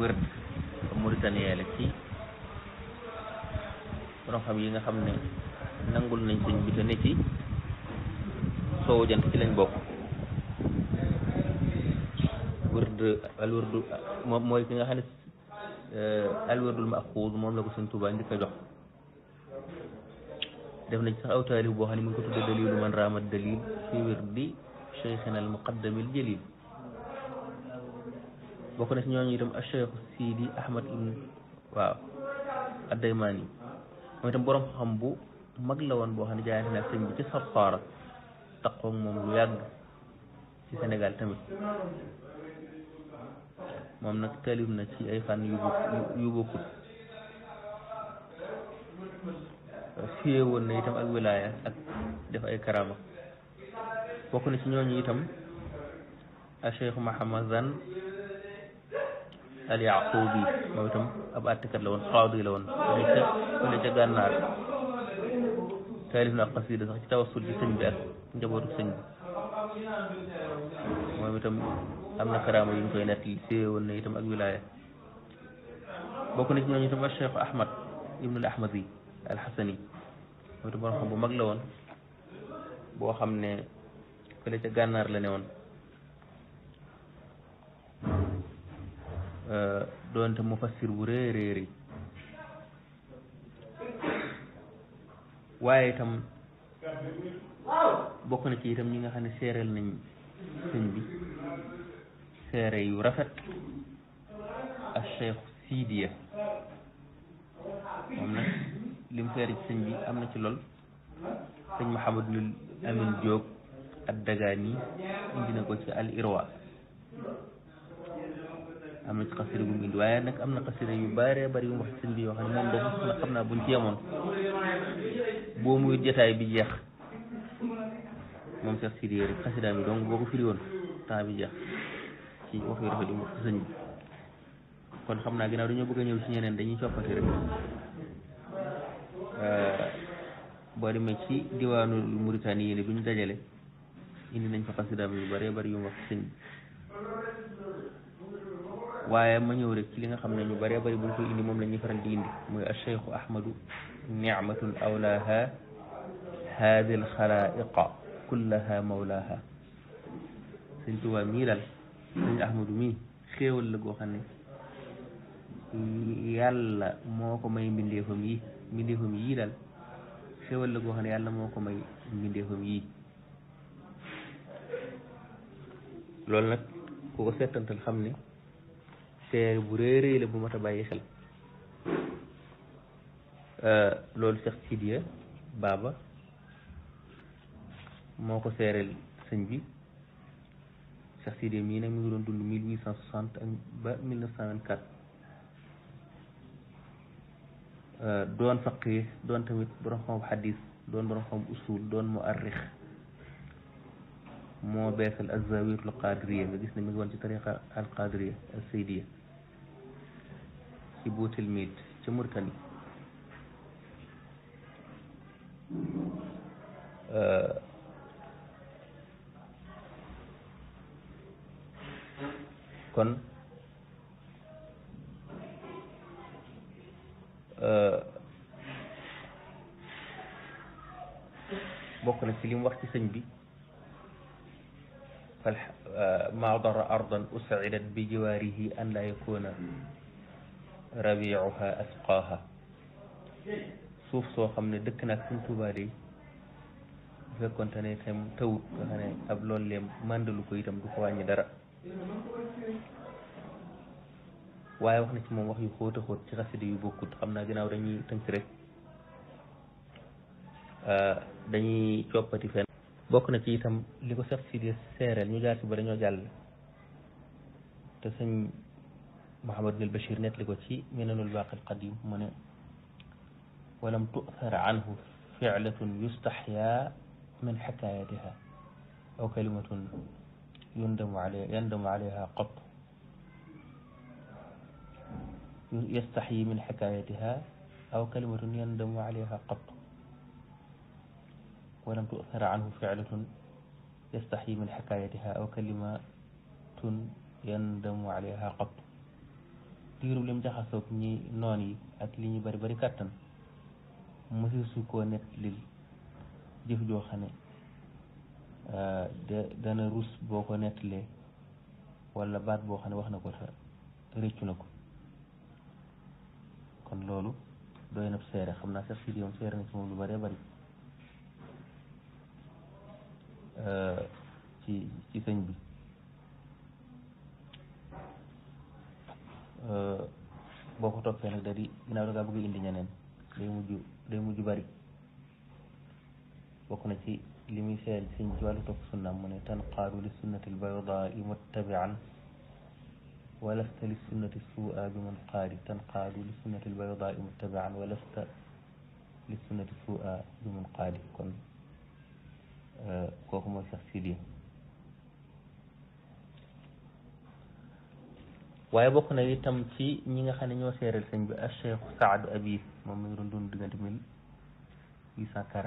wërd mauritanien la ci borom xam yi nga xam ne nangul nañ sëñ bi te ne ci soowu jant ci lañ bokk wërd al wërdu moom mooy ki nga xam ne euh, al wërdul maxuud moom la ko sëñ Tuubaa njëkk a jox def nañ sax aw boo xam ne mu ko tudde dalilu man raamat dalil fi wërdi cheikhina al muqaddamil jalil bokku na ci ñoo ñu itam Cheikh Sidi Ahmad ibn waaw adaymani moom itam borom xam bu mag la woon boo xam ne jaayante na sëñ bi ci Safaara taqoo moom lu yàgg ci Sénégal tamit moom nag talib na ci ay fànn yu yu bokkut fiyee woon na itam ak wilaaya ak def ay karaama bokk na ci ñooñu itam Cheikh Mahamazan al yaqubi moom itam ab àttekat la woon xaadi la woon fële ca fële ca na xasida sax ci tawassul ci sëñ ak njabootu sëñ bi moom am na karaama yu ñu koy nett séwé woon na itam ak wilaaya bokk na ci ñooñu itam Cheikh Ahmad ibnu Ahmadi al Xasani moom itam borom bu mag la boo xam ne fële ca gànnaar la ne woon Euh, doonte mufassir bu rëy rëy rëy waaye tam bokk na ci itam ñi nga xam ne seereel nañ sëñ bi seere yu rafet ak Cheikh Sidiya moom nag li mu seere am na ci lool sëñ Mouhamadul Amin Diop ak dagaan yi indi na ko ci al irwa am na ci xasida bu mu indi waaye nag am na xasida yu bare bari yu wax ci sëñ bi yoo xam ne xam naa buñ ci yemoon boo muy jotaay bi jeex moom Cheikh Sidy rek xasida mi donc boo ko woon temps bi jeex ci wax kon xam naa ginnaaw dañoo bëgg a ñëw ci ñeneen dañuy coppati rek boo demee ci diwaanu Mauritanie yi ne bi ñu dajale indi nañ fa xasida yu bare bari yu mu wax ci sëñ bi waaye ma ñëw rek li nga xam ne ñu bëree bëri buñ koy moom la ñu faral di indi muy acheikhu ahmadu nicmatun awlaha haadi alxalaiqa kullaha mawlaha sëñ Tuubaa mii la goo xam ne yàlla moo ko may mbindeefam yi mbindeefam yii daal xéewal goo xam ne yàlla moo ko may mbindeefam yii loolu nag ku ko settantal xam ne seere bu rëy rëy la bu mat bàyyi xel loolu Seex Sidiya Baaba moo ko seereel sëñ bi Seex Sidiya mii nag mi ngi doon dund mille ak ba mille neuf cent doon faqih doon tamit borom xam xadis doon borom xam usul doon mu arrix moo beesal azzawiyatul qaadiriya nga gis ne mi ngi woon ci tariqa al qaadiriya al saydiya يبوت الميد تمر كان آه. كن آه. بوكنا سليم وقت سنبي فالح... آه، ما ضر أرضا أسعدت بجواره أن لا يكون rabiuha asqaaha suuf soo xam ne dëkk naag suñ Tuubaa day bu fekkonte ne itam tawut nga xam ne ab loolu leem màndalu ko itam du ko wàññi dara waaye wax na ci moom wax yu xóot xóot ci xasida yu bokkut xam naa ginnaaw dañuy tënk rek ah, dañuy coppati fenn bokk na ci itam li ko sax si di seereel ñu jaar ci ba dañoo jàll te sëñ محمد بن البشير نتلقوتي منن الباقي القديم من ولم تؤثر عنه فعلة يستحيا من حكايتها أو كلمة يندم عليها يندم عليها قط يستحي من حكايتها أو كلمة يندم عليها قط ولم تؤثر عنه فعلة يستحي من حكايتها أو كلمة يندم عليها قط diirub lim jaxasoog ñi noon yi ak li ñu bari bari kàttan mosi su koo nett lil jëf joo xam ne euh, dana rus boo ko nettalee wala baat boo xam ne wax na ko te rëccu na ko kon loolu doy na seere xam naa sax si di moom seere na ci moom lu bëree bari euh, ci ci sëñ bi Euh, boo ko toppee nag da di ginnaaw da ngaa bëgg indi ñeneen day mujj day mujj bari bokk na ci li muy seer siñ ci wàllu topp sunnaam mu ne tanqaadu li sunnati albaydaa i muttabian walasta li sunnati suua bi mun qaadi tanqaadu li sunnati albaydaa i muttabian walasta li sunnati suua bi mun qaadi kon euh, kooku mooy sax si diin waaye bokk na itam ci ñi nga xam ne ñoo seeral sëñ bi Cheikh Saadu Abi moom mi ngi doon dund diggante mille ak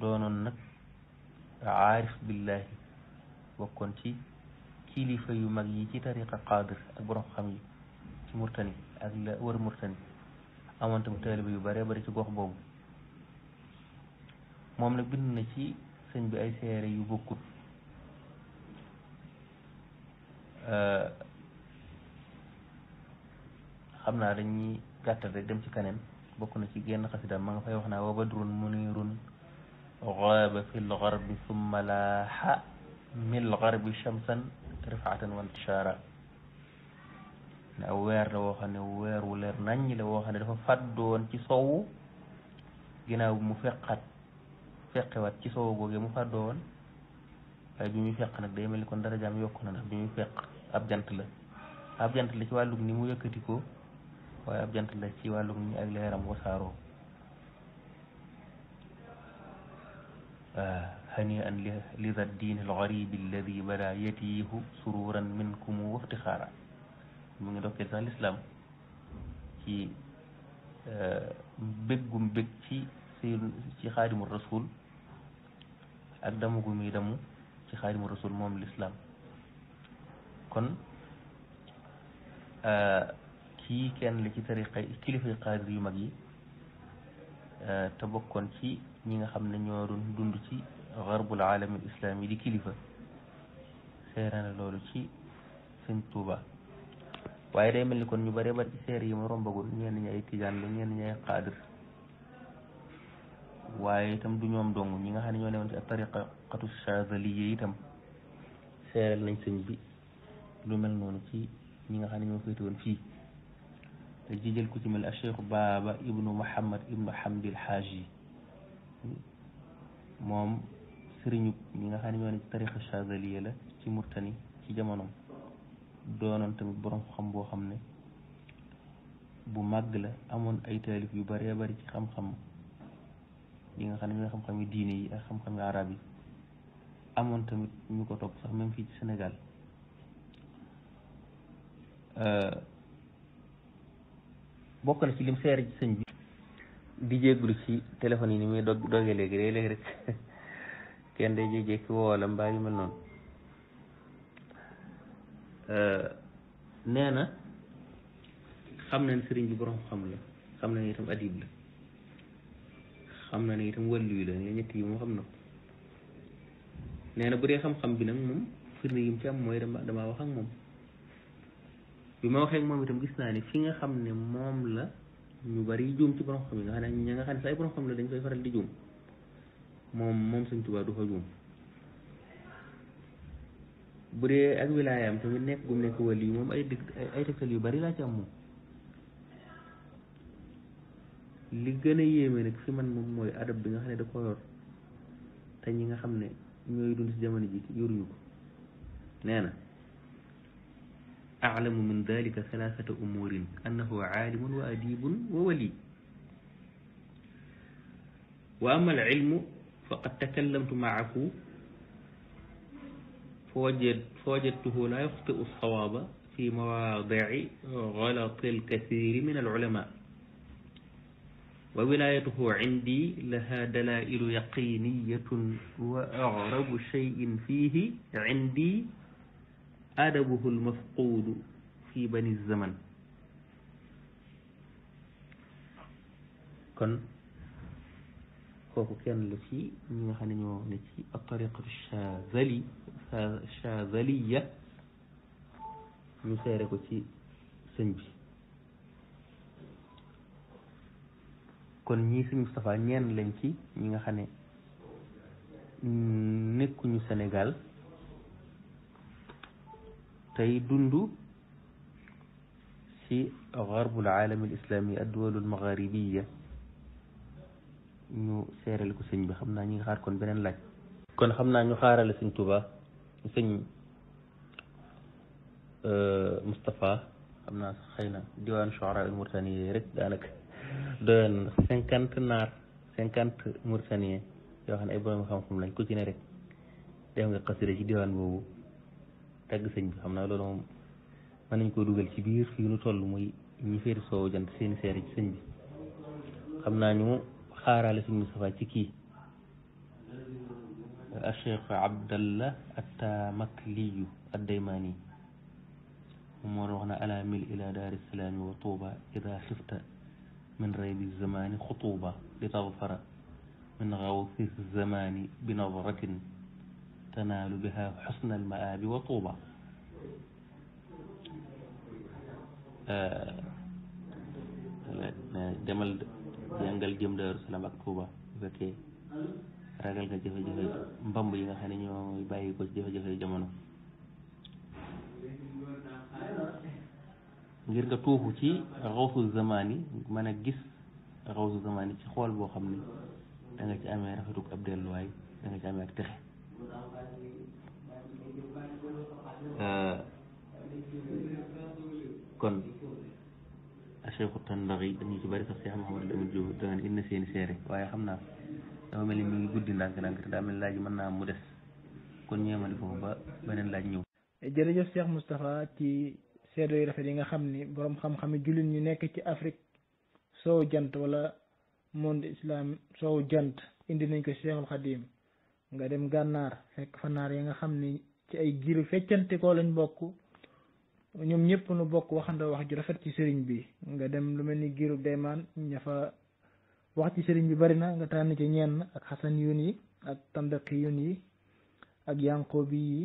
mille nag aarif bokkoon ci kilifa yu mag yi ci tariqa qaadir ak borom yi ci murtani ak amoon tam taaliba yu bare bari ci gox boobu na ci sëñ bi ay seere yu bokkut Euh, xam naa dañuy gàttal rek dem ci kanam bokk na ci génn xasida ma nga fay wax naa wa badrun munirun xaaba fi lgarbi summa laaxa mil garbi shamsan rifaatan wa intishaara ne aw weer la woo xam ne weer wu leer naññ la woo xam ne dafa fàddoon ci sowu ginnaaw bi mu feqat feqewaat ci sowu googee mu fàddoo woon waaye bi nag day mel ni kon darajaam yokku na ndax bi muy feq ab jant la ab jant la ci walu ni mu yëkëti ko way ab jant la ci walu ni لذا الدين الغريب الذي بلا يتيه سرورا منكم وافتخارا من دوك الاسلام كي بيغوم بيك سي سي خادم الرسول ادمو غومي دمو سي خادم الرسول موم الاسلام kon euh, kii kenn la ci tariqa kilifay xaadir yu mag yi euh, te bokkoon ci ñi nga xam ne ñoo dund ci garbul aalami islaam yi di kilifa seere loolu ci sëñ Tuuba waaye day mel ni kon ñu bare yi ma rombagul ñenn ñi ay tijaan la waaye itam du dong ñi nga xam ne ñoo newoon itam seeral nañ sëñ bi lu mel noonu ci ñi nga xam ne ñoo féete woon fii te ci jël ku ci mel Cheikh Baaba ibnu Muhammad ibnu Hamdil Haaji moom sëriñu ñi nga xam ne ñoo ne ci tarixa Chazaliya la ci Murtani ci jamonoom doonoon tamit borom xam boo xam ne bu màgg la amoon ay taalif yu bëree bëri ci xam-xam yi nga xam ne ñooy xam-xam yu diine yi ak xam-xam yu arab yi amoon tamit ñu ko topp sax même fii ci Sénégal Euh, bokk na ci lim seere ci sëñ bi di jégglu ci téléphone yi ni muy dog doge léegi day léeg rek kenn day jékki woo la mbaa yu mel noonu euh, nee na xam na ne sëriñ bi borom xam la xam na ne itam adib la xam na ne itam wàllu la ne ñett yi moom xam na ko nee bu dee xam-xam bi nag moom firnde yim ci am mooy dama dama wax moom bi ma waxee moom itam gis naa ni fi nga xam ne moom la ñu bari juum ci borom xam yi nga xam ne ña nga xam ay borom la dañ koy faral di juum moom moom Sëñ Tuubaa du fa juum bu dee ak wilaayaam tamit nekk gum nekk wàll yu moom ay dëkk ay tegtal yu bari laa ci am moom li gën a yéeme nag fi man moom mooy adab bi nga xam ne da ko yor te ñi nga xam ne ñooy dund ci jamono ji yoruñu ko nee na أعلم من ذلك ثلاثة أمور أنه عالم وأديب وولي وأما العلم فقد تكلمت معه فوجد فوجدته لا يخطئ الصواب في مواضع غلط الكثير من العلماء وولايته عندي لها دلائل يقينية وأغرب شيء فيه عندي adabuhu lmafquudu fi bani zaman kon kooku kenn la ci ñi nga xam ne ñoo ne ci tariqatu chazali ñu seere ko ci sëñ bi kon ñii sëñ Moustapha ñeen lañ ci ñi nga xam ne nekkuñu senegal tey dund ci garbul aalami al islami adduwalu al magharibiya ñu seerale ko sëñ bi xam naa ñu ngi xaar kon beneen laaj kon xam naa ñu xaarale sëñ Touba sëñ Moustapha xam naa sax xëy na diwaan shuara al mauritanie rek daanaka doyoon cinquante naar cinquante mauritanien yoo xam ne ay borom xam-xam lañ ku ci ne rek def nga xasida ci diwaan boobu tag sëñ bi xamna lolu mom man nañ ko duggal ci biir fi nu toll muy ñi féeri so jant seen seen ci sëñ bi xamna ñu xaarale sëñ Moustapha ci ki al cheikh abdallah attamakliyu addaymaani moom moo wax na ala mil ila daari salaami wa tuuba ida xifta min raybi zamaani xutuuba li min bi tanaalu biha xusna al maabi wa tuuba demal jàngal jëm Daaru Salaam ak Tuuba bu fekkee ragal nga jafe yi nga ci jafe-jafe jamono ngir nga tuuxu ci xawsu zamaan yi mën a gis xawsu zamaan yi ci xool boo xam ne da ci amee rafetuk ab delluwaay da ci amee ak texe kon Cheikh Tanbaghi dañu ci bari sax Cheikh Mouhamadou Amine Diouf da waaye xam naa dafa mel ni mi ngi guddi ndànk-ndànk te daa mel laaj mën naa mu des kon ñeemali foofu ba beneen laaj ñëw jërëjëf Cheikh Moustapha ci seede yu rafet yi nga xam ni boroom xam-xami jullit ñu nekk ci Afrique soow jant wala monde islam soow jant indi nañ ko Cheikhul Khadim nga dem gànnaar fekk fa naar ya nga xam ci ay giru feccante koo lañ bokk ñoom ñëpp nu bokk waxandoo wax ju rafet ci sëriñ bi nga dem lu mel giru deman ña fa wax ci sëriñ bi bari na nga tànn ci ñenn ak xasan yun yi ak tambaqi yun yi ak yanqoobi yi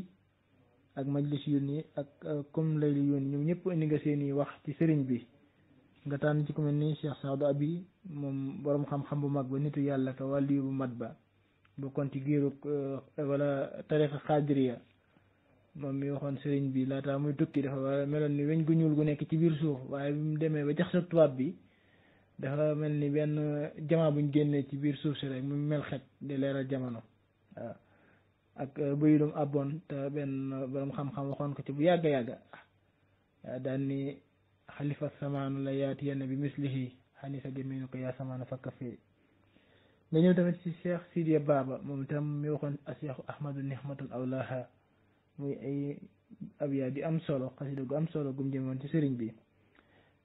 ak majlis yun yi ak euh, kum yun ñoom ñëpp indi nga seen wax ci sëriñ bi nga tànn ci ku mel ni Cheikh Saadu Abi moom borom xam-xam bu mag ba nitu yàlla ka bu mat ba bokkoon ci giiru euh, wala moom mi waxoon sëriñ bi laataa muy tukki dafa war meloon nekk ci biir suuf waaye bi demee ba jax sa tubaab bi dafa mel ni benn jamaa buñ génnee ci biir suuf si rek mu mel xet di leeral jamono waaw ak euh, bëyulum abon te benn borom xam-xam waxoon ko ci bu yàgga yàgga waaw daan ni xalifa samaanu la yaati yenn bi mislihi xanisa jamiinu ko yaa samaanu fakka fii nga ñëw tamit ci cheikh sidia baba moom itam mi waxoon cheikh ahmadu nihmatun awlaha muy ay abya di am solo xasida gu am solo gum jëmoon ci sëriñ bi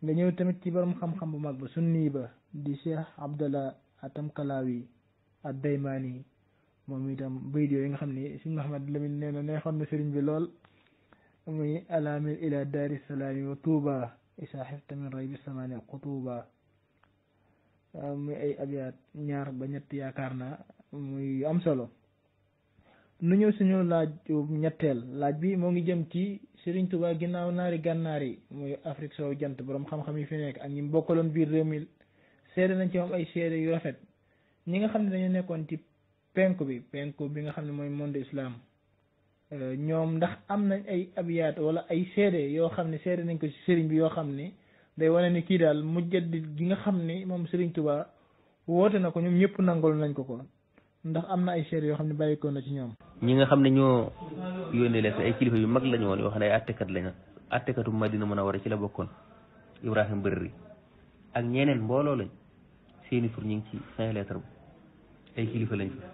nga ñëw tamit ci borom xam-xam bu mag ba sunni ba di cheikh abdallah atamkalaawi ad daymaani moom itam bayit yi nga xam ni sëriñ Muhammad Lamin nee na neexoon na sëriñ bi lool muy alaamil ila daari salaami wa tuuba isa xifta min raybi samaani qutuuba Euh, muy ay abiyaat ñaar ba ñett yaakaar na muy am solo nu ñëw suñu laaj ñetteel laaj bi moo ngi jëm ci Serigne Touba ginnaaw naari gànnaar yi muy Afrique soow jant borom xam-xam yi fi nekk ak ñi bokkaloon biir réew mi seede nañ ci moom ay seede yu rafet ñi nga xam ne dañu nekkoon ci penku bi penku bi nga xam ne mooy monde islam euh, ñoom ndax am nañ ay abiyaat wala ay seede yoo xam ne seede nañ ko ci sëriñ bi yoo xam ne day wane ni kii daal mujjadit gi nga xam ni moom Serigne Touba woote na ko ñoom ñëpp nangul nañ ko ko ndax am na ay seer yoo xam ne bàyyi ko na ci ñoom. ñi nga xam ne ñoo yónnee leen ay yu mag lañu woon yoo xam ne ay attekat lañu attekatu Madina mën a war ci la bokkoon Ibrahima Bërëri ak ñeneen mbooloo lañ seeni tur ñu ngi ci cinq bu ay kilifa lañ fa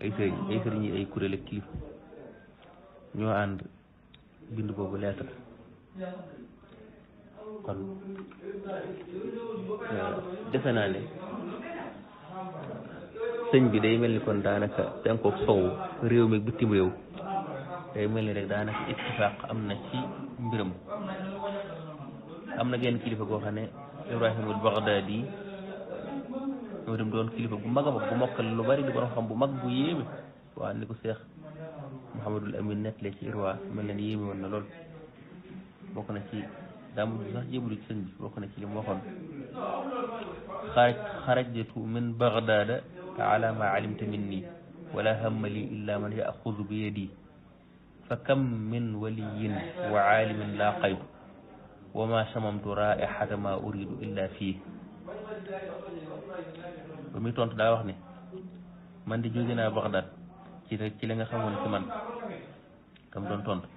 ay sëriñ ay sëriñ ay kuréel ak kilifa ñoo ànd bind boobu lettre kon euh, defe naa ne sëñ bi day mel ni kon daanaka penkook sowu réew mi bitim réew day mel ni rek daanaka ittifaaq am na ci mbiram am na genn kilifa goo xam ne Ibrahimul Bagdaadi ñoo dem doon kilifa bu mag bu mokkal lu bari di borom bu mag bu yéeme waa ni ko seex Mouhamadul Amin nettalee ci irwa mel na ni yéeme woon lool bokk na ci daa mujj sax jébbalu ci sëñ bi bokk na ci li mu waxoon xaraj xarajtu min bagdaada ala ma alimta minni wala hamma li illa man yaxudu bi yadi fa kam min waliyin wa aalimin laaqaytu wa ma samamtu raihata ma uridu illa fii ba muy tontu daa wax ne man di jóge naa bagdaad ci ci li nga xamoon ci man kam doon tontu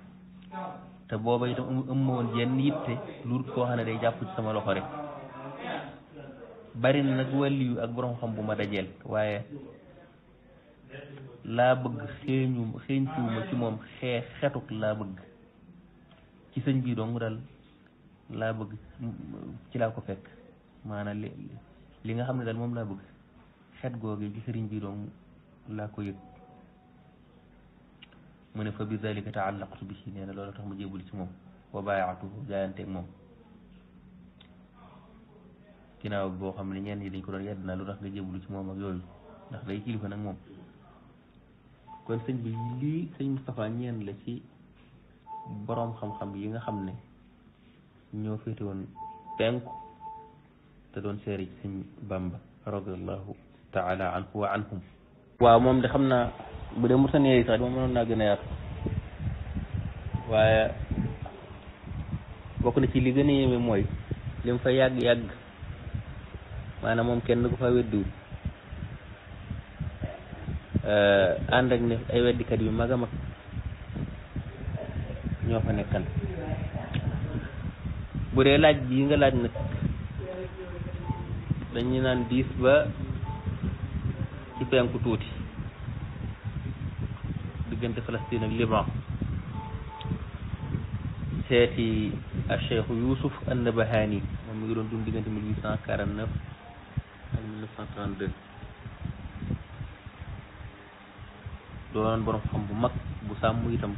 te booba itam ëmma woon yenn yitte lu koo xam ne day jàpp ci sama loxo rek bari na nag wàlliyu ak borom xam bu ma dajeel waaye laa bëgg xeeñu xeeñtuwuma ci moom xee xetuk laa bëgg ci sëñ bii dong daal laa bëgg ci laa ko fekk maanaa li li nga xam ne daal moom laa bëgg xet googu ci sëriñ bii dong laa ko yëg mu ne fa bi dalika taallaqtu bihi nee na loolu tax ma jébul ci moom wa baayaatuhu jaayanteeg moom ginnaaw boo xam ne ñenn ñi dañ ko doon yedd na lu tax nga jébul ci moom ak yooyu ndax lay kilifa nag moom kon sëñ bi lii sëñ Moustapha ñeen la ci boroom xam-xam yi nga xam ne ñoo féete woon penku te doon seere ci Bamba radiallahu taala wa moom de xam naa bu dee Mauritanie yi sax dama mënoon naa gën a yaatu waaye bokk na ci li gën a yéeme mooy li mu fa yàgg yàgg maanaam moom kenn du ko fa weddiwul eh, ànd ak ne ay weddikat yu mag a mag ñoo fa nekkan bu dee laaj bii nga laaj nag dañu naan diis ba ci penku tuuti. diggante Palestine ak Liban seeti a Cheikh Youssouf Annabahani moom mi ngi doon diggante mille cent quarante neuf ak mille cent trente deux doonoon borom xam bu mag bu sàmm itam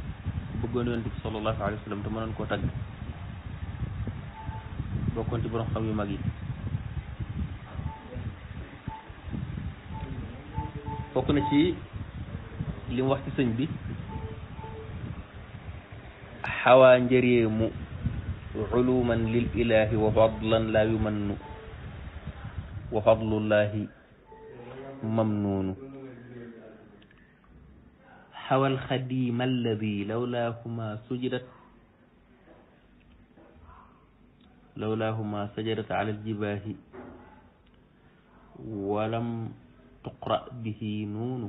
bëggoon yonent bi sallallahu alayhi wa te mënoon koo tagg bokkoon ci borom xam yu mag yi li mu wax ci sëñ bi xawaa njëreemu culuman lil ilahi wa fadlan laa yumannu wa fadlullahi mamnuunu حوى الخديم الذي لولاهما سجدت لولاهما سجدت على الجباه ولم تقرأ به نون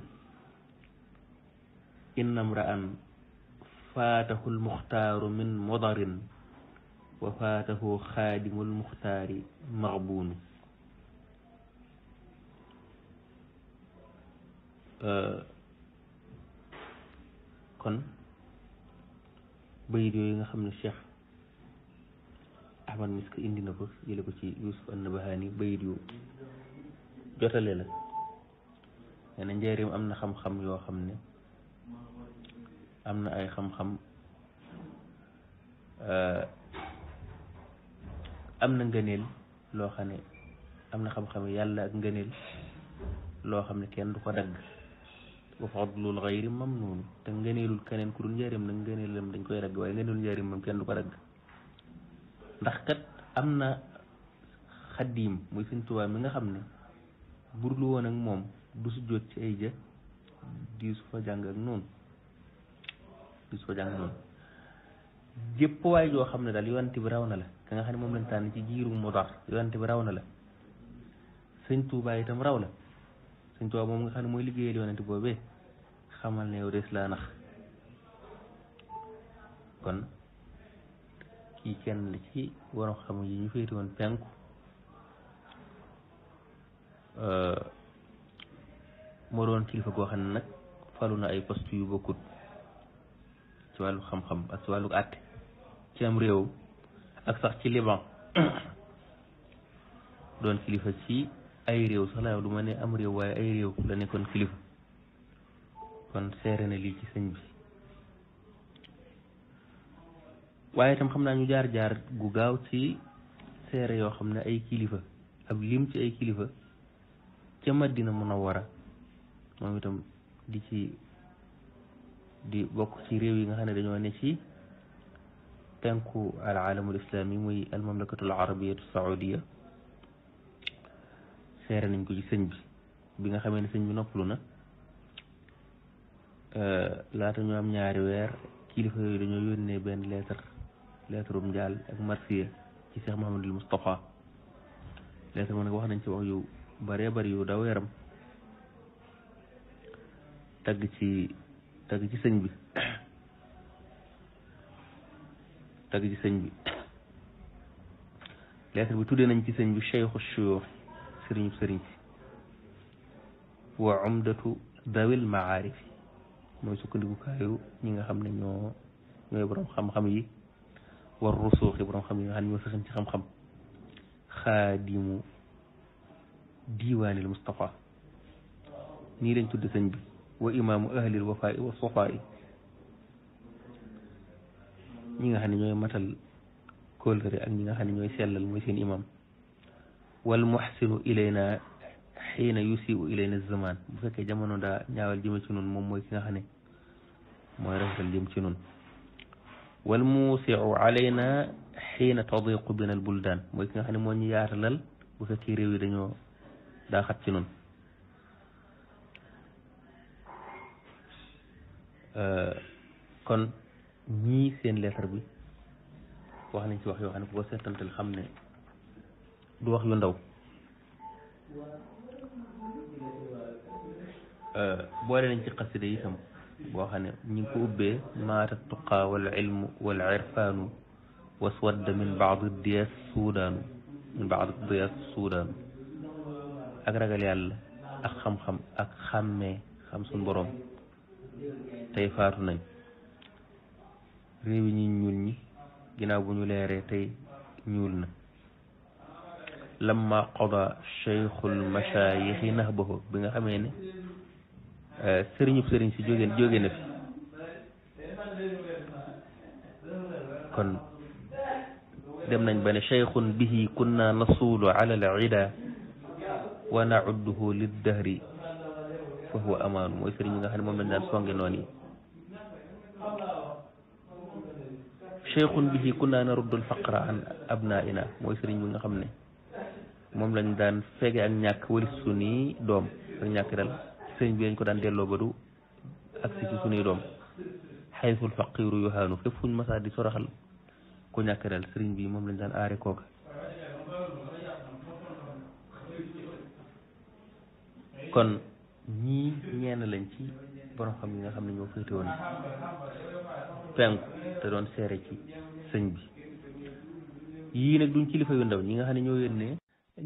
إن امرأ فاته المختار من مضر وفاته خادم المختار مغبون كن بيد يوغا خامن الشيخ احمد مسك اندينا با يلي كو يوسف النبهاني بيد يو جوتالي لا انا نديرم امنا خم خم يو خامني am na ay xam-xam eh, am na ngëneel loo xam ne am na xam-xam yàlla ak ngëneel loo xam ne kenn du ko dagg wa fadlul xayri mamnuun te ngëneelul keneen ku dul njëriñ nag ngëneelam koy dagg waaye ngëneelul njëriñ moom kenn du ko dagg ndax kat am na xaddiim muy Sëñ Tuubaa mi nga xam ne burlu woon ak moom du su jot ci ay jë di su fa jàng ak noonu bis jàng noonu jëpp waay joo xam ne daal yonent bi raw na la ka nga xam ne moom lañ tànn ci jiiru Mudar yonent bi raw na la sëñ Tuubaa itam raw la sëñ Tuubaa moom nga xam ne mooy liggéeyal yonent boobee xamal ne yow des laa nax kon kii kenn la ci waroon xam yi ñu féete woon penku moo kilifa goo xam ne nag falu na ay poste yu bokkut ci wàllu xam ak ci wàllu àtte réew ak sax ci liban doon ci ay réew sax laa du am réew waaye ay réew la nekkoon kon seere na lii sëñ bi waaye itam xam naa ñu jaar-jaar gu gaaw ci seere yoo xam ne ay kilifa ab lim ci ay kilifa ca Madina Munawwara moom itam di ci di bokk ci réew yi nga xam ne dañoo ne ci penku al alamul islami muy al mamlakatul arabiyatu saudiya seere nañ ko ci sëñ bi bi nga xamee ne sëñ bi noppalu na laata ñu am ñaari weer kilifa yooyu dañoo yónnee benn lettre lettre um jaal ak marsiya ci Cheikh Mouhamadul Moustapha lettre ma nag wax nañ ci wax yu bëree bëri yu daw yaram tagg ci tagg ci sëñ bi tagg ci sëñ bi lettre bi tuddee nañ ci sëñ bi cheikhu shuyuux sëriñub sëriñ si wa umdatu dawil maarifi mooy sukkandikukaayu ñi nga xam ne ñoo ñooy borom xam-xam yi war rusuuxi borom xam yi nga xam ne ñoo sëxan ci xam-xam xaadimu diiwaanil Mustafa nii lañ tudde sëñ bi وإمام أهل الوفاء والصفاء نيغا خاني نيو ماتال كول ري اك نيغا خاني نيو سيلال موي سين امام والمحسن الينا حين يسيء الينا الزمان بو فك جامونو دا نياوال جيما سي نون موم موي كيغا خاني موي رافال ديم سي نون والموسع علينا حين تضيق بنا البلدان موي كيغا خاني مو ني بو فك ريوي دانيو دا خات سي نون kon ñii seen lettre bi wax nañ ci wax yoo xam ne ku ko seetantal xam ne du wax yu ndaw boole nañ ci xasida itam boo xam ne ñu ngi ko ubbee maata tuqaa wal ilmu wal irfaanu waswadda min baadi diyaas suudaanu min baadi diyaas suudaanu ak ragal yàlla ak xam-xam ak xàmmee xam suñ boroom tey faatu nañ réew yi ñi ñuul ñi ginnaaw bu ñu leeree tey ñuul na lamma qada cheikhul mashayixi nahbahu bi nga xamee ni euh, sëriñub sëriñ si jóge jóge na fi kon dem nañ ba ne cheikhun bihi kunna nasuulu ala al ida wa naudduhu فهو أمان ويكرم نحن من الناس وانجلوني شيخ به كنا نرد الفقر عن أبنائنا ويكرم من خمنا moom lañ daan fege ak ñàkk wër suñuy doom ak ñàkk dal sëñ bi lañ ko daan delloo ba du ak si ci suñuy doom xaysul faqiru yuhaanu fépp fuñ masaa di soraxal ku ñàkk dal sëriñ bi moom lañ daan aare kooka kon ñii ñeen lañ ci borom xam yi nga xam ne ñoo féete woon penku te doon seere ci sëñ bi yii nag duñ kilifa yu ndaw ñi nga xam ne ñoo yónnee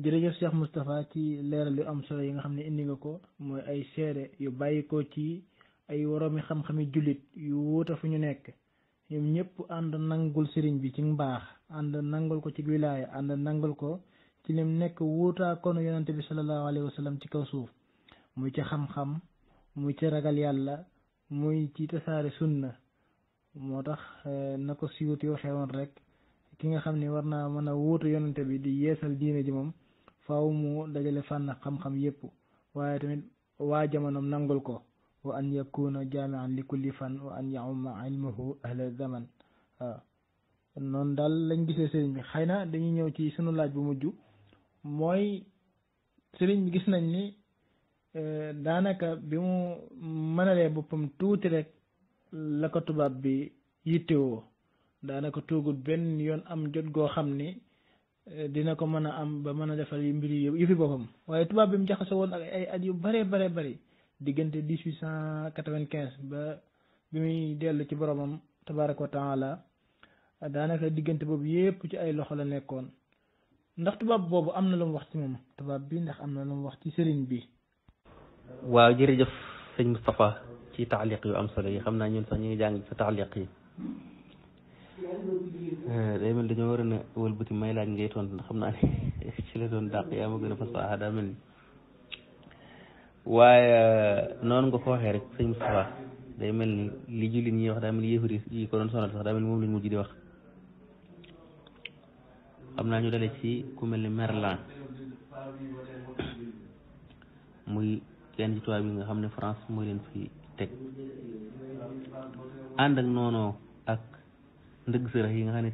jërëjëf Cheikh Moustapha ci leeral yu am solo yi nga xam ne indi nga ko mooy ay seere yu bàyyi ko ci ay woroomi xam-xami jullit yu wuute fu ñu nekk ñoom ñëpp ànd nangul sëriñ bi ci mbaax ànd nangul ko ci wilaaya ànd nangul ko ci lim nekk wuutaa konu yonante bi sallallahu alayhi wa ci kaw suuf muy ci xam-xam muy ci ragal yàlla muy ci tasaare sunna moo tax eh, na ko siyuti rek ki nga xam ne war naa mën a wuutu yonante bi di yeesal diine ji moom faaw mu dajale fànn xam-xam yépp waaye tamit waa jamonoom nangul ko wa an yakuna jaamian li kulli fan wa an yauma ilmuhu ahla zaman waaw noonu lañ gisee sëriñ bi xëy na dañuy ñëw ci sunu laaj bu mujj mooy sëriñ bi gis nañ ni daanaka bi mu mënalee boppam tuuti rek la ko tubaab bi yittewoo daanaka toogut benn yoon am jot goo xam ni eh, dina ko mën a am ba mën a defal mbir yu fi boppam waaye tubaab bi mu jaxasoo woon ak ay at yu bare bare bari diggante dix huit cent quatre vingt quinze ba bi muy dellu ci boromam tabaaraka wa taala daanaka diggante boobu yépp ci ay loxo la nekkoon ndax tubaab boobu am na lu mu wax ci moom tubaab bi ndax am na lu mu wax ci sëriñ bi waaw jërëjëf sëñ Moustapha ci taaliq yu am solo yi xam naa ñun sax ñu ngi jàng sa taaliq yi eh, day mel dañoo war a na wëlbati may laaj ngay tont xam naa ne ci la doon yaa ma gën a fasaxa ah, mel ni eh, noonu nga ko waxee rek sëñ day mel ni li jullit ñi wax daa mel ni yéefari yi ko doon sonal xam naa ñu dale ci ku mel ni Merlan muy yenn ci tubaab nga xam ne France mooy leen fi teg ànd ak noonoo ak ndëgg sërax yi nga xam ne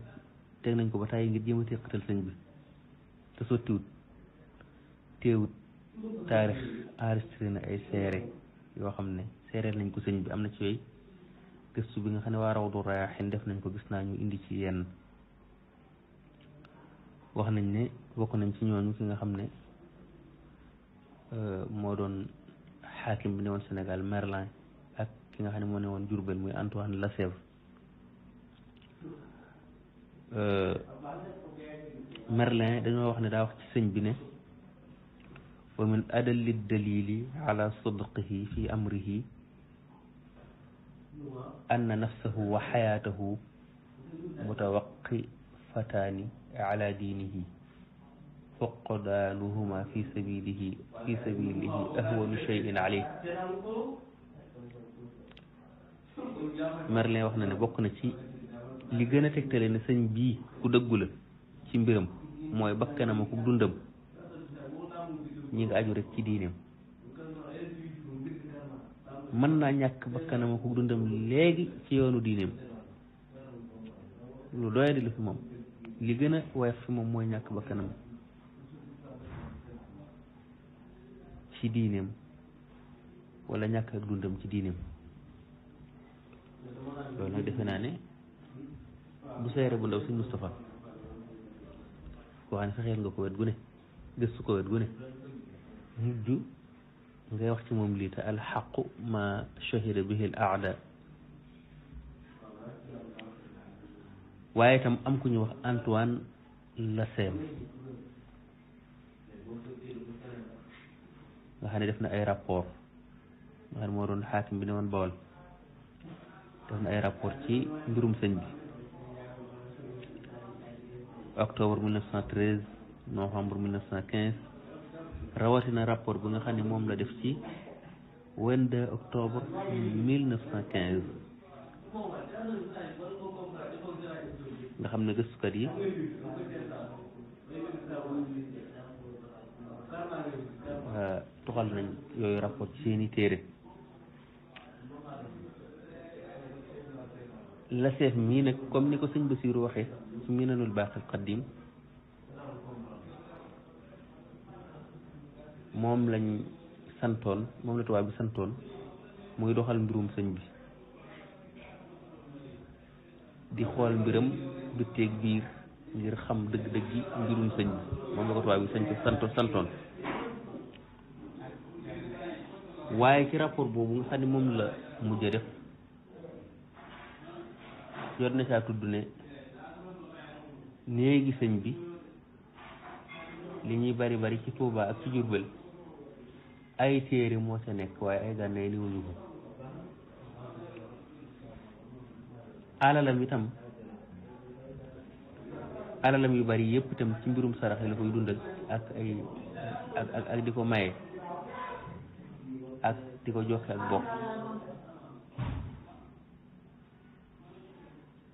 teg nañ ko ba tàyyi ngir jéem a sëñ bi te sottiwut teewut taarix enregistré na ay seere yoo xam ne seereel nañ ko sëñ bi am na ci yooyu gëstu bi nga xam ne waa raw du raaxin def nañ ko gis naa ñu indi ci yenn wax nañ ne bokk nañ ci ñooñu ki nga xam ne euh, moo doon حاكم بني وان سنغال ميرلان اك كيغا خاني مو نيوان جوربل موي انطوان لاسيف ا ميرلان دا نو واخني دا واخ سي سيغ بي ومن ادل الدليل على صدقه في امره ان نفسه وحياته متوقفتان على دينه oqdaaluhuma fi sabilihi fi sabilihi ahwanu cheyin alayh Merlin wax na ne bokk na ci li gën a tegtale ne sëñ bii ku dëggu la ci mbiram mooy bakkanam ak dundam ñi nga aju rek ci diineem mën naa ñàkk bakkanam ak dundam léegi ci yoonu diineem lu doyadi la fi moom li gën a fi moom mooy ñàkk bakkanam ci diineem wala ñàkk ak dundam ci diineem loolu nag defe naa ne bu seere bu ndaw si Moustapha koo xam ne fexeel nga ko wet gu ne gëstu ko wet gu ne mujj ngay wax ci moom lii te alxaqu ma shahida bihi al aada waaye itam am ku ñu wax Antoine Lassem nga xam ne def na ay rapport nga xam ne moo doon xaatim bi ne woon Bawol def na ay rapport ci mbirum sëñ bi octobre 1913 novembre 1915 rawatina rapport bi nga xam ne moom la def ci 22 octobre 1915 nga xam ne gëstukat yi Euh, tuxal nañ yooyu rapport ci seeni téere la seef mii nag comme ni ko sëñ Basiiru waxee ci minanul baaxil qaddim moom lañ santoon moom la tubaab bi santoon muy doxal mbirum sëñ bi di xool mbiram du teeg biir ngir xam dëgg-dëgg yi mbirum sëñ bi moom la ko tubaab bi sëñ ko santo santoon waaye ci rapport boobu nga xam ne moom la mujj def jot na saa tudd ne néegi sëñ bi li ñuy bari bari ci Touba ak ci Jurbel ay téere moo sa nekk waaye ay gànnaay li wuñu ko alalam itam alalam yu bari yëpp tam ci mbirum sarax yi la koy dundal ak ay ak ak di ko maye di ko joxe ak bokk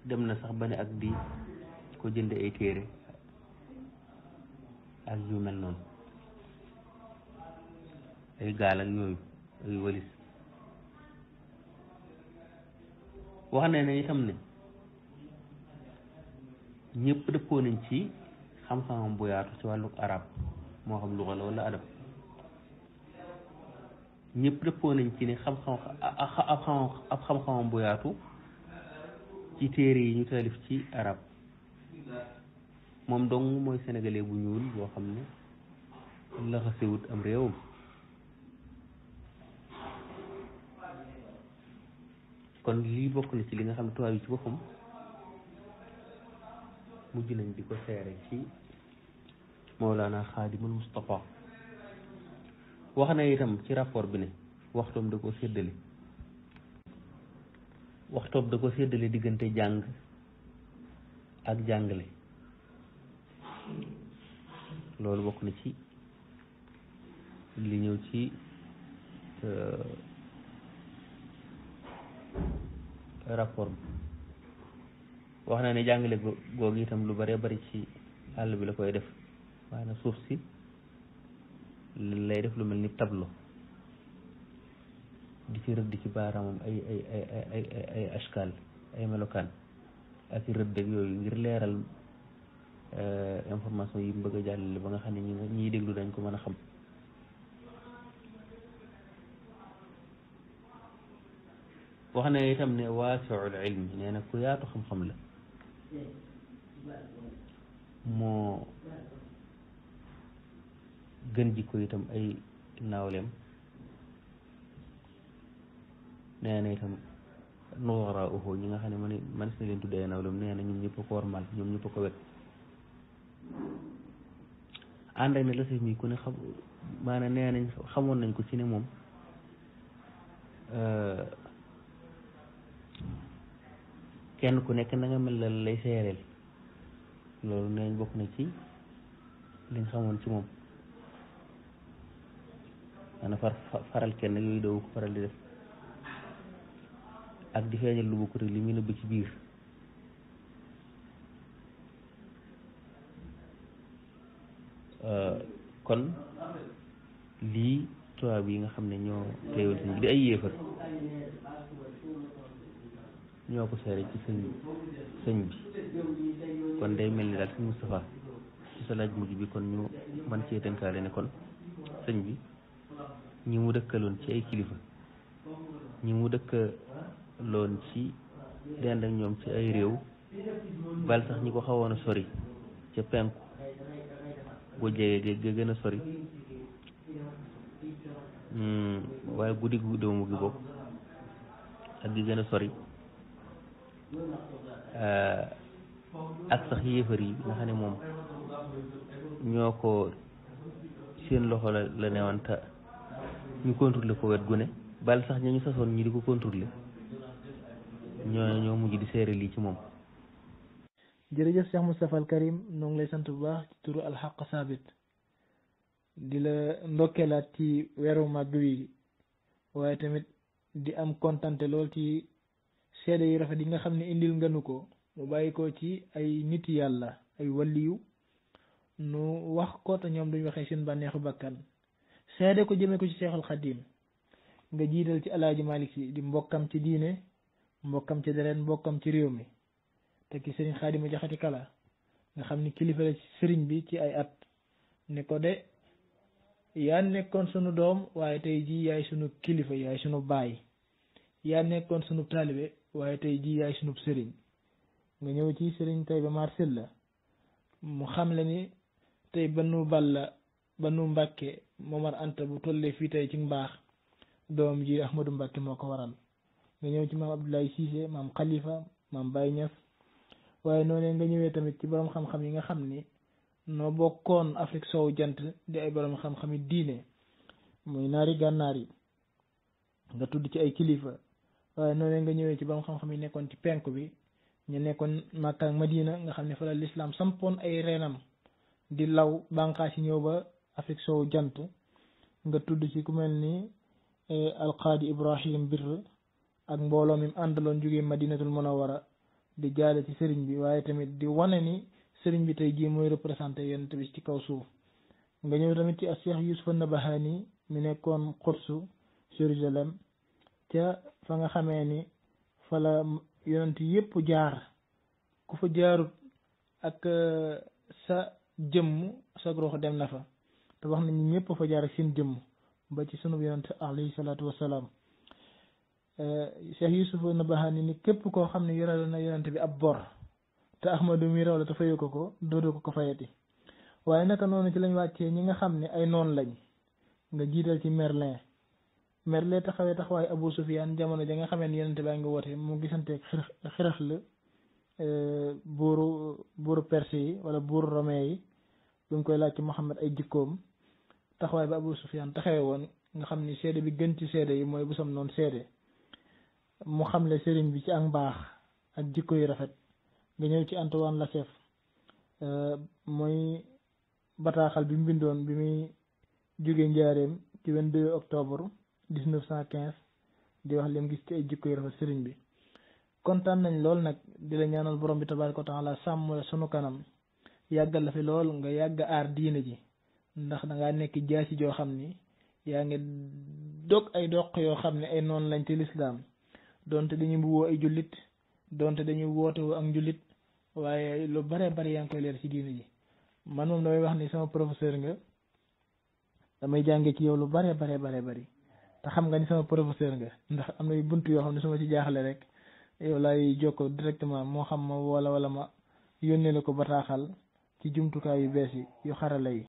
dem na sax ba ne ak di ko jënde ay téere ak yu mel noonu ay gaal ak yooyu ay walis wax ne ne itam ne ñépp dëppoo nañ ci xam-xamam bu yaatu ci wàllu arab moo xam luxa la wala adab ñëpp dëppoo nañ ci ne xam-xam xam-xamam bu yaatu ci téere yi ñu taalif ci arab moom dong mooy sénégalais bu ñuul boo xam ne laxasewut am réew réewam kon lii bokk na ci li nga xam ne tubaab ci boppam mujj nañ di ko seere ci Mawlana Xaadimul Mustapha wax na itam ci rapport bi ne waxtoom da ko séddale waxtoom da ko séddale diggante jàng ak jàngale loolu bokk na ci li ñëw ci euh, rapport bi wax na ne jàngale googu itam lu bare bari ci àll bi la koy def waaye na suuf si lay def lu mel ni tableau di ci rëdd ci baaraamam ay ay ay ay ay ashkaal ay melokaan ak i rëdd ak yooyu ngir leeral euh, information yi mu bëgg a la ba nga xam ne ñi ñiy déglu dañ ko mën a xam wax na itam ne waasiul ilmi nee na ku yaatu xam-xam la moo gën jikko itam ay naawleem nee na itam nuwaraa uxoo ñi nga xam ne man man si na leen tuddee ay naawleem nee na ñoom ñëpp ko wormal ñoom ñëpp ko wet ànd ne la bi ku ne xam nee nañ xamoon nañ ko ci ne moom euh, kenn ku nekk na mel la lay seereel loolu nee nañ bokk na ci lañ xamoon ci moom dana far faral kenn yooyu doo ko faral di def ak di feeñal lu bokkut ak li muy nëbb ci biir euh, kon lii tubaab yi nga xam ne ñoo teewal bi di ay yéefar ñoo ko seere ci sëñ sëñ bi kon day mel ni daal sëñ Moustapha ci sa laaj mujj bi kon ñu man cee tënkaale ne kon sëñ bi ñi mu dëkkaloon ci ay kilifa ñi mu dëkkaloon ci dend ñoom ci ay réew bal sax ñi ko xawoon a sori ca penku bu jege ga gën a sori hmm, waaye guddi gu doomu gi bokk ak gi gën a sori eh, ak sax yéefar yi nga ne moom ñoo ko seen loxo la la newanta ñu contrôler ko wet gu ne sax ña ñu sasoon ñi di ko contrôler ñoo ñoo mujj di seere lii ci moom jërëjëf Cheikh Moustapha Al Karim noo ngi lay sant bu baax ci turu alxaq saabit di la ndokkeelaat ci weeru màgg wi waaye tamit di am kontante lool ci seede yu rafet yi nga xam ne indil nga nu ko mu bàyyi ko ci ay nit yàlla ay walliyu nu wax ko ñoom duñ waxee seen bànneexu bakkan seede ko jëme ko ci Seexul Xadiim nga jiital ci alaaji Malick si di mbokkam ci diine mbokkam ci deret mbokkam ci réew mi te ki sëriñ Xaadima Jaxate Kala nga xam ni kilifa la ci sëriñ bi ci ay at ne ko de yaa nekkoon sunu doom waaye tey jii yaay sunu kilifa yaay sunu baay yaa nekkoon sunu taalibe waaye tey jii yaay sunu sëriñ nga ñëw ci sëriñ tey ba Marcel mu xam la ni tey banu Balla banu Mbàkke Momar Anta bu tollee fii tey ci mbaax doom ji Ahmadou Mbacke moo ko waral nga ñëw ci maam Abdoulaye Cissé maam Khalifa maam Baye Niass waaye noonu nga ñëwee tamit ci borom xam-xam yi nga xam ni noo bokkoon Afrique soowu jant di ay borom xam yi diine muy naari gànnaar yi nga tudd ci ay kilifa waaye noonu nga ñëwee ci borom xam-xam yi nekkoon ci penk bi ñu nekkoon Makka ma Madina nga xam ne fa la lislaam sampoon ay reenam di law bànqaas ñëw ba. afrique sow jant nga tudd ci ku mel ni eh, alqaadi ibrahim birr ak mbooloo mi àndaloon madinatul munawara di jaale ci sëriñ bi waaye tamit di wane ni sëriñ bi tey jii mooy représenté yonent bi ci kaw suuf nga ñëw tamit ci a cheikh yusufa nabahani mi nekkoon xursu jérusalem ca fa nga xamee ni fa la yonent yépp jaar ku fa jaarut ak eh, sa jëmm sa ruux dem na fa te wax nañ ñëpp fa jaar ak seen jëmm ba ci sunu yonent alayhi salaatu wasalaam eh, Cheikh Yusuf Nabahani ni képp koo xam ne yoreel na yonent bi ab bor te Ahmadu mi raw la te fayu ko ko doodoo ko ko fayati waaye naka noonu ci lañ wàccee ñi nga xam ne ay noon lañ nga jiital ci Merlin Merlin taxawee taxawaayu Abu Sufyaan jamono ja nga xamee ne yonent baa ngi woote mu gisanteeg xirax la eh, buuru buuru perse yi wala buuru romain yi bi koy laaj ci Muhammad ay jikkoom taxaway ba Abu Sufyan taxawee won nga xamni ni bi gën ci seede yi moy busam non noonu mu xam xamle sëriñ bi ci ak bimi ak jikko yi rafet nga ñew ci Antoine Lacef euh, mooy bataaxal bi mbindon bi mi jóge njaareem ci 22 octobre 1915 di wax lim gis ci jikko yi rafet bi kontan nañ lool nak di la ñaanal borom bi tabaraka taala sammu sunu kanam yagal la fi lool nga yag ar ji ndax dangaa nekk jaasi joo xam ni yaa ngi dog ay doq yoo xam ne ay noonu lañ ci lislaam donte dañuy woo ay jullit donte dañuy woote ak njullit waaye lu bare bare yaa leer ci diine ji man moom damay wax ni sama professeur nga damay jànge ci yow lu bare bare bare bari te xam nga ni sama professeur nga ndax am na bunt yoo xam ne su ci jaaxale rek yow laay jokkoo directement moo xam ma wala wala ma yónnee la ko bataaxal ci jumtukaay yu bees yi yu xarala yi